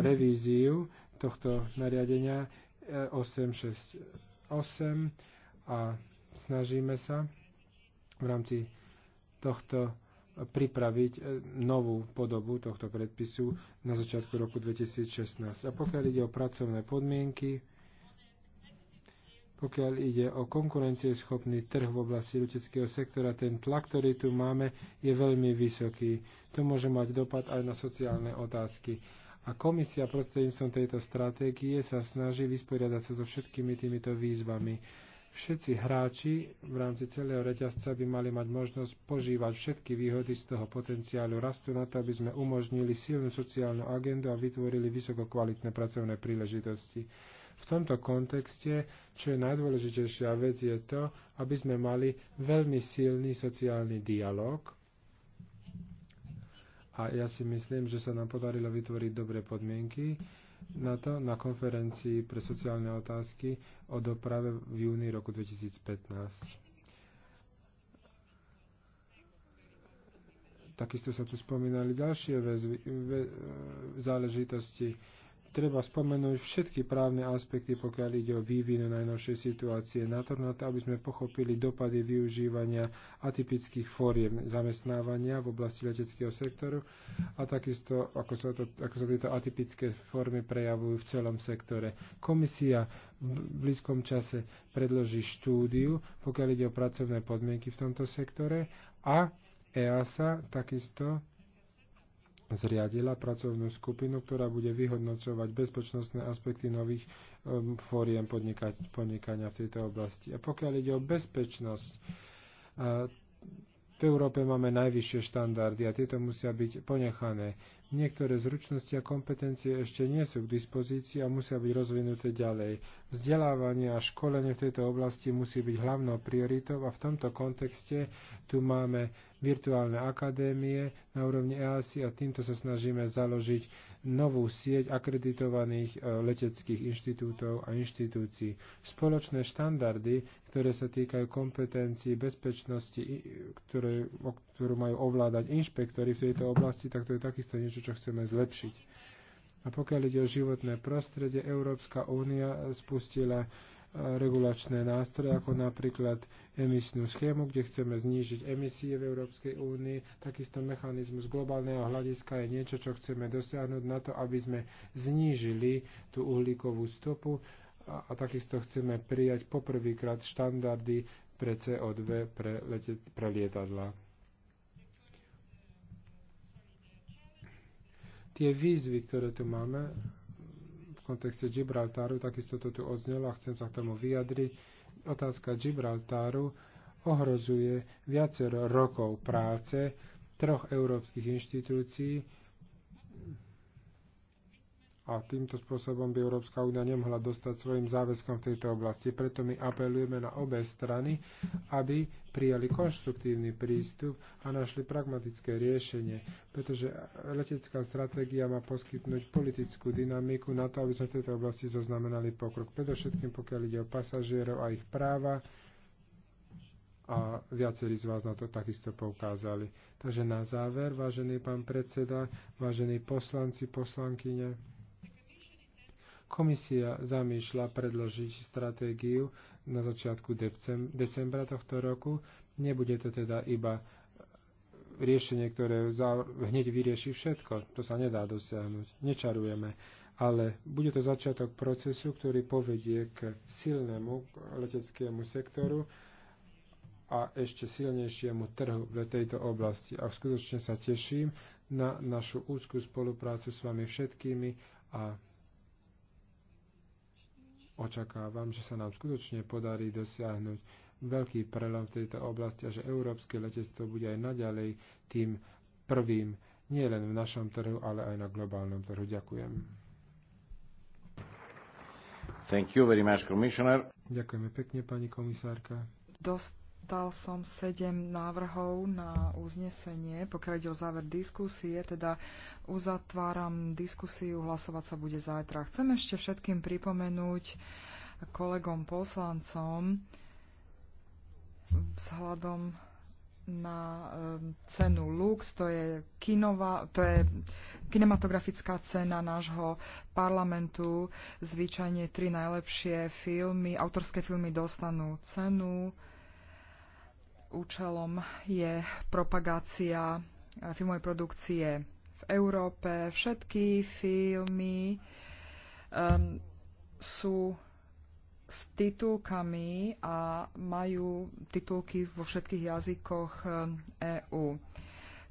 revíziu tohto nariadenia 868 a snažíme sa v rámci tohto pripraviť e, novú podobu tohto predpisu na začiatku roku 2016. A pokiaľ ide o pracovné podmienky, pokiaľ ide o konkurencieschopný trh v oblasti ľudského sektora, ten tlak, ktorý tu máme, je veľmi vysoký. To môže mať dopad aj na sociálne otázky. A komisia prostredníctvom tejto stratégie sa snaží vysporiadať sa so všetkými týmito výzvami všetci hráči v rámci celého reťazca by mali mať možnosť požívať všetky výhody z toho potenciálu rastu na to, aby sme umožnili silnú sociálnu agendu a vytvorili vysokokvalitné pracovné príležitosti. V tomto kontexte, čo je najdôležitejšia vec, je to, aby sme mali veľmi silný sociálny dialog. A ja si myslím, že sa nám podarilo vytvoriť dobré podmienky na to na konferencii pre sociálne otázky o doprave v júni roku 2015. Takisto sa tu spomínali ďalšie väzvy, vä, e, záležitosti treba spomenúť všetky právne aspekty, pokiaľ ide o vývinu najnovšej situácie na to, na to, aby sme pochopili dopady využívania atypických fóriem zamestnávania v oblasti leteckého sektoru a takisto, ako sa, to, ako sa tieto atypické formy prejavujú v celom sektore. Komisia v blízkom čase predloží štúdiu, pokiaľ ide o pracovné podmienky v tomto sektore a EASA takisto zriadila pracovnú skupinu, ktorá bude vyhodnocovať bezpečnostné aspekty nových um, fóriem podnikania v tejto oblasti. A pokiaľ ide o bezpečnosť, v Európe máme najvyššie štandardy a tieto musia byť ponechané. Niektoré zručnosti a kompetencie ešte nie sú k dispozícii a musia byť rozvinuté ďalej. Vzdelávanie a školenie v tejto oblasti musí byť hlavnou prioritou a v tomto kontexte tu máme virtuálne akadémie na úrovni EASI a týmto sa snažíme založiť novú sieť akreditovaných e, leteckých inštitútov a inštitúcií. Spoločné štandardy, ktoré sa týkajú kompetencií bezpečnosti, ktoré, ktorú majú ovládať inšpektory v tejto oblasti, tak to je takisto niečo, čo chceme zlepšiť. A pokiaľ ide o životné prostredie, Európska únia spustila regulačné nástroje, ako napríklad emisnú schému, kde chceme znížiť emisie v Európskej únii. Takisto mechanizmus globálneho hľadiska je niečo, čo chceme dosiahnuť na to, aby sme znížili tú uhlíkovú stopu a, a takisto chceme prijať poprvýkrát štandardy pre CO2 pre, lete, pre lietadla. Tie výzvy, ktoré tu máme, kontexte Gibraltáru, takisto to tu odznelo a chcem sa k tomu vyjadriť. Otázka Gibraltáru ohrozuje viacero rokov práce troch európskych inštitúcií, a týmto spôsobom by Európska únia nemohla dostať svojim záväzkom v tejto oblasti. Preto my apelujeme na obe strany, aby prijali konštruktívny prístup a našli pragmatické riešenie, pretože letecká stratégia má poskytnúť politickú dynamiku na to, aby sme v tejto oblasti zaznamenali pokrok. Predovšetkým pokiaľ ide o pasažierov a ich práva, a viacerí z vás na to takisto poukázali. Takže na záver, vážený pán predseda, vážení poslanci, poslankyne, Komisia zamýšľa predložiť stratégiu na začiatku decembra tohto roku. Nebude to teda iba riešenie, ktoré hneď vyrieši všetko. To sa nedá dosiahnuť. Nečarujeme. Ale bude to začiatok procesu, ktorý povedie k silnému leteckému sektoru a ešte silnejšiemu trhu v tejto oblasti. A skutočne sa teším na našu úzkú spoluprácu s vami všetkými a očakávam, že sa nám skutočne podarí dosiahnuť veľký prelom v tejto oblasti a že európske letectvo bude aj naďalej tým prvým, nie len v našom trhu, ale aj na globálnom trhu. Ďakujem. Thank you very much, Ďakujeme pekne, pani komisárka. Dost dal som sedem návrhov na uznesenie, pokiaľ ide o záver diskusie, teda uzatváram diskusiu, hlasovať sa bude zajtra. Chcem ešte všetkým pripomenúť kolegom poslancom vzhľadom na ehm, cenu Lux, to je, kinova, to je kinematografická cena nášho parlamentu. Zvyčajne tri najlepšie filmy, autorské filmy dostanú cenu účelom je propagácia filmovej produkcie v Európe. Všetky filmy um, sú s titulkami a majú titulky vo všetkých jazykoch um, EÚ.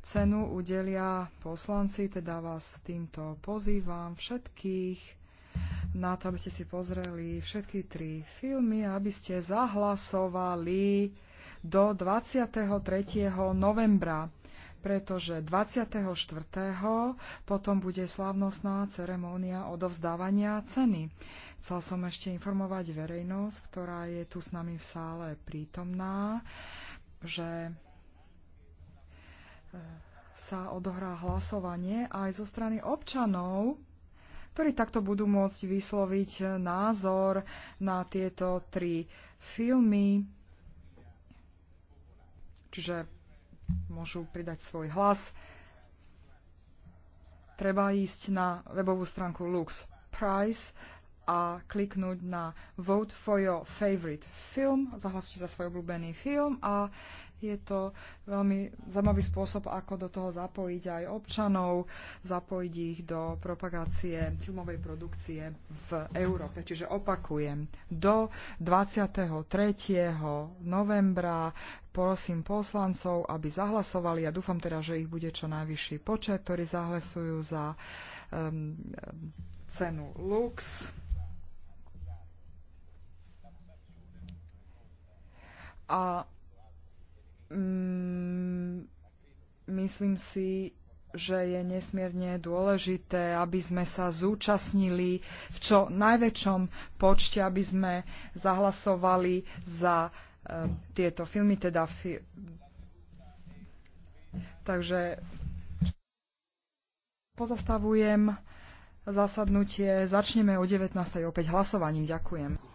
Cenu udelia poslanci, teda vás týmto pozývam všetkých na to, aby ste si pozreli všetky tri filmy, aby ste zahlasovali do 23. novembra pretože 24. potom bude slávnostná ceremónia odovzdávania ceny. Chcel som ešte informovať verejnosť, ktorá je tu s nami v sále prítomná, že e, sa odohrá hlasovanie aj zo strany občanov, ktorí takto budú môcť vysloviť názor na tieto tri filmy čiže môžu pridať svoj hlas. Treba ísť na webovú stránku Lux Price a kliknúť na Vote for your favorite film, zahlasujte za svoj obľúbený film a je to veľmi zaujímavý spôsob, ako do toho zapojiť aj občanov, zapojiť ich do propagácie filmovej produkcie v Európe. Čiže opakujem, do 23. novembra prosím poslancov, aby zahlasovali. Ja dúfam teda, že ich bude čo najvyšší počet, ktorí zahlasujú za um, cenu Lux. A Mm, myslím si, že je nesmierne dôležité, aby sme sa zúčastnili v čo najväčšom počte, aby sme zahlasovali za e, tieto filmy, teda fi- Takže pozastavujem zasadnutie. Začneme o 19.00. opäť hlasovaním. Ďakujem.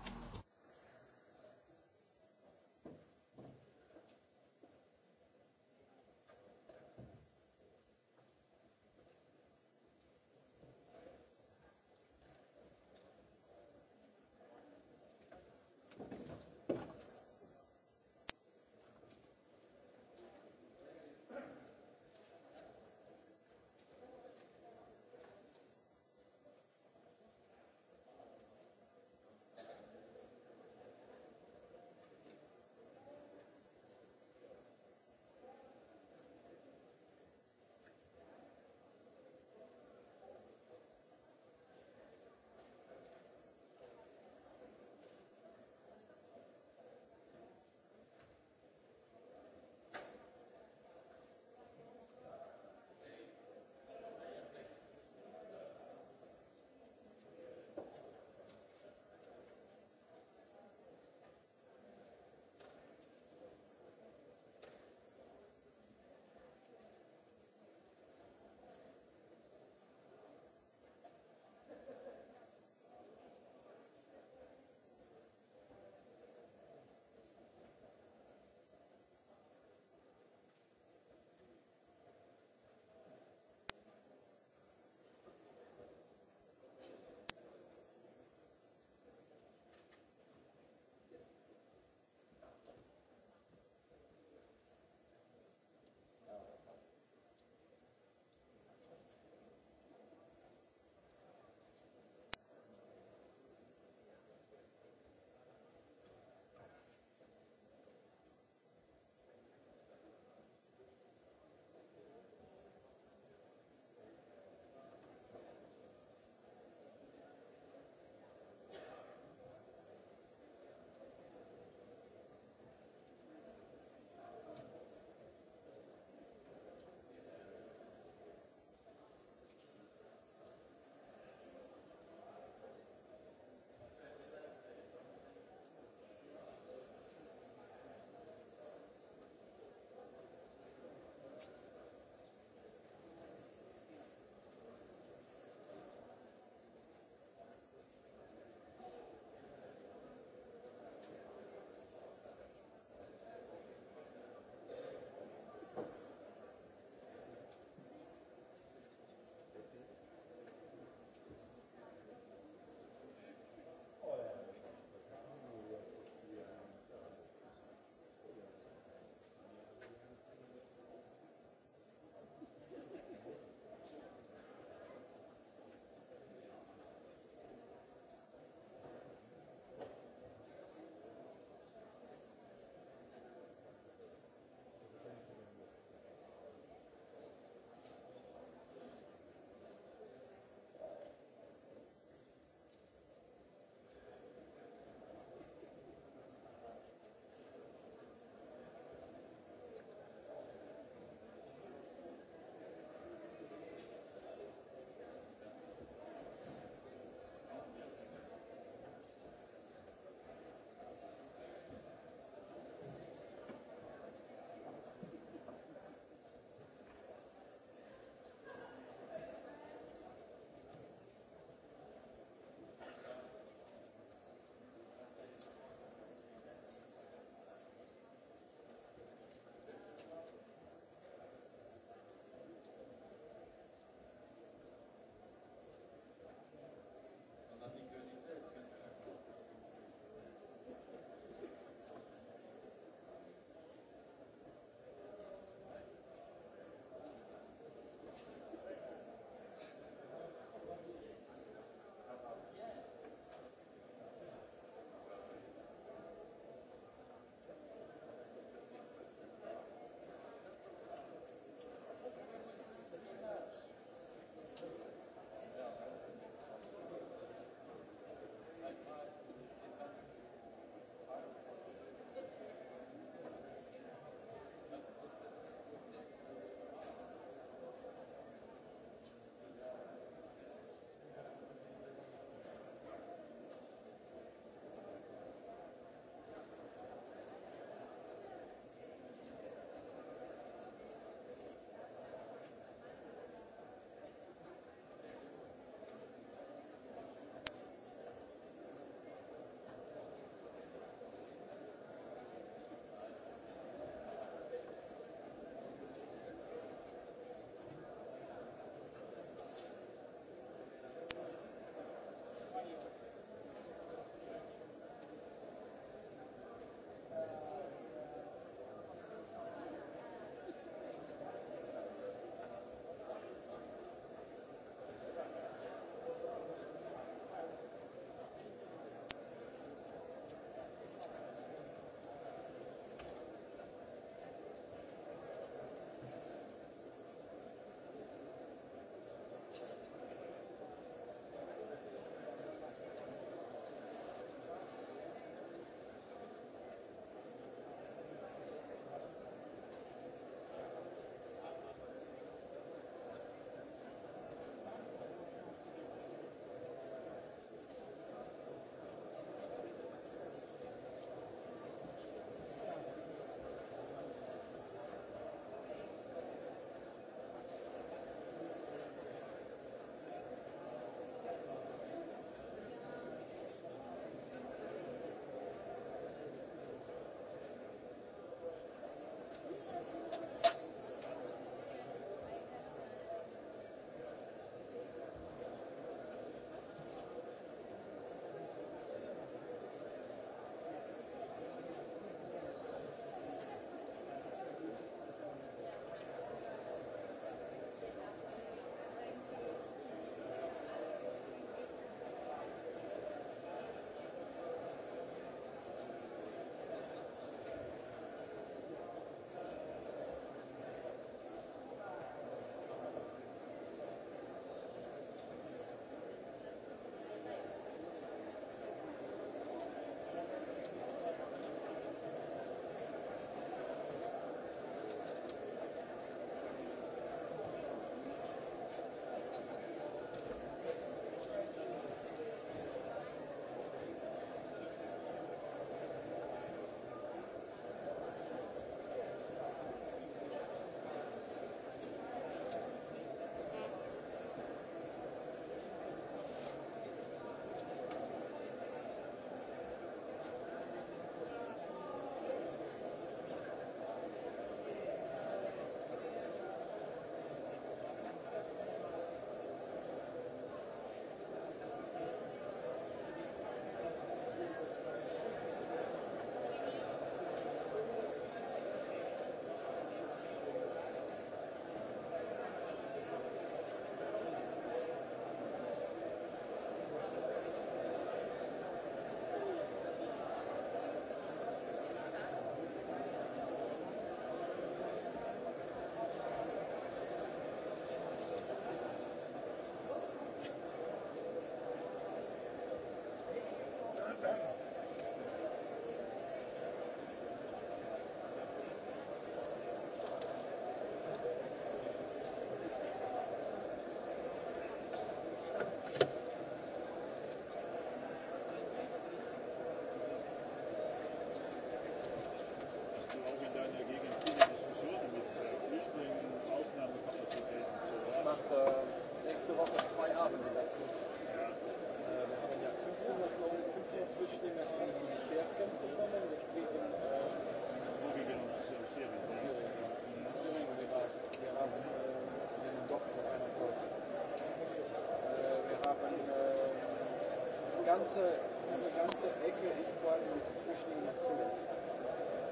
ganze, diese ganze Ecke ist quasi mit Flüchtlingen erzählt.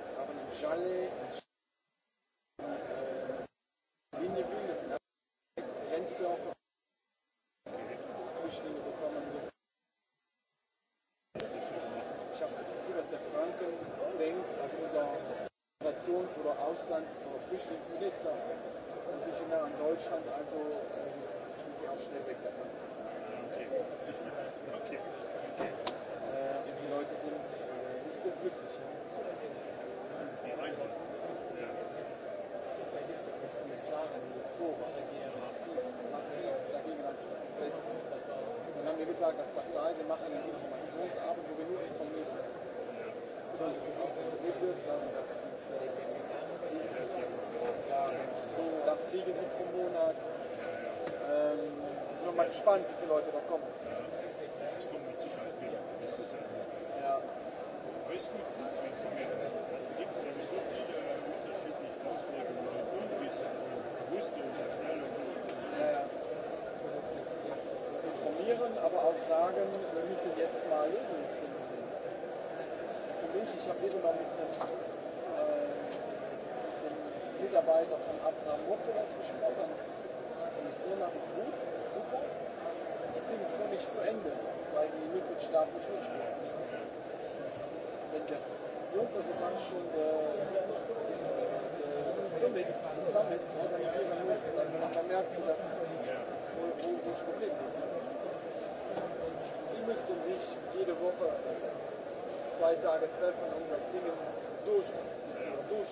Wir haben in Jalle, in gespannt, wie viele Leute da kommen. Es kommen mit Sicherheit viele. Das ist ja. Aber sind wir informiert. Da gibt es nämlich so viele unterschiedliche Auslegungen und Unwissen und bewusste Unterstellungen. Ja, ja. Informieren, aber auch sagen, wir müssen jetzt mal Lösungen finden. Zumindest, ich habe eben noch mit einem äh, mit dem Mitarbeiter von Abraham Mokolas gesprochen. Monat ist gut, ist super. Sie kriegen es nämlich nicht zu Ende, weil die Mitgliedstaaten nicht mitspielen. Wenn der Juncker sogar schon äh, äh Summits, Summits organisieren muss, dann, dann merkst du, dass wo, wo, das Problem ist. Die müssten sich jede Woche zwei Tage treffen, um das Ding durchzuorganisieren. Durch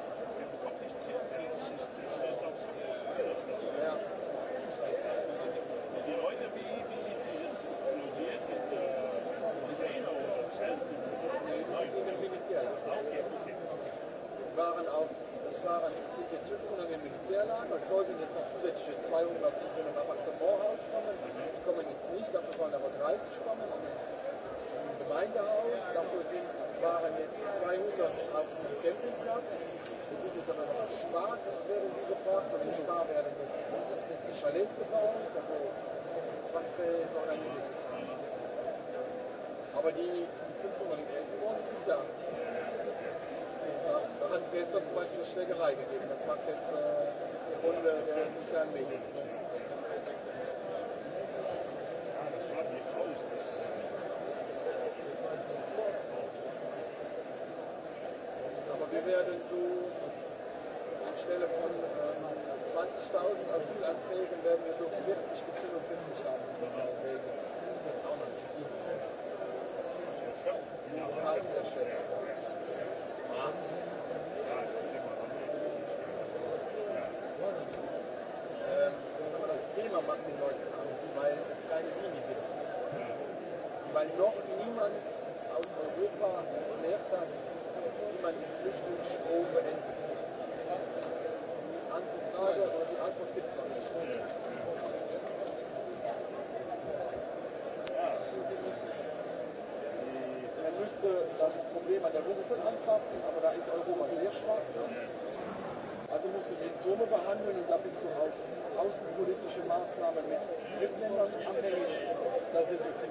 für 200 Uhr glaube ich schwammen. Die kommen jetzt nicht, dafür waren aber 30 schwammen im Gemeindehaus. Dafür sind, waren jetzt 200 auf dem Campingplatz. Wir sind jetzt aber noch auf Spar, werden die gefragt. Von dem Spar werden jetzt die Chalets gebaut. Also was organisiert Aber die, die 500 in sind da. Da hat es gestern zum Beispiel eine Schlägerei gegeben. Das macht jetzt... Äh, und sozialen äh, Medien. Aber wir werden so anstelle von ähm, 20.000 Asylanträgen werden wir so 40 bis 45 haben. Das ist auch noch nicht viel. Ja, das äh, ist ja schön. zu halten. außenpolitische maßnahmen mit drittländern abhängig da sind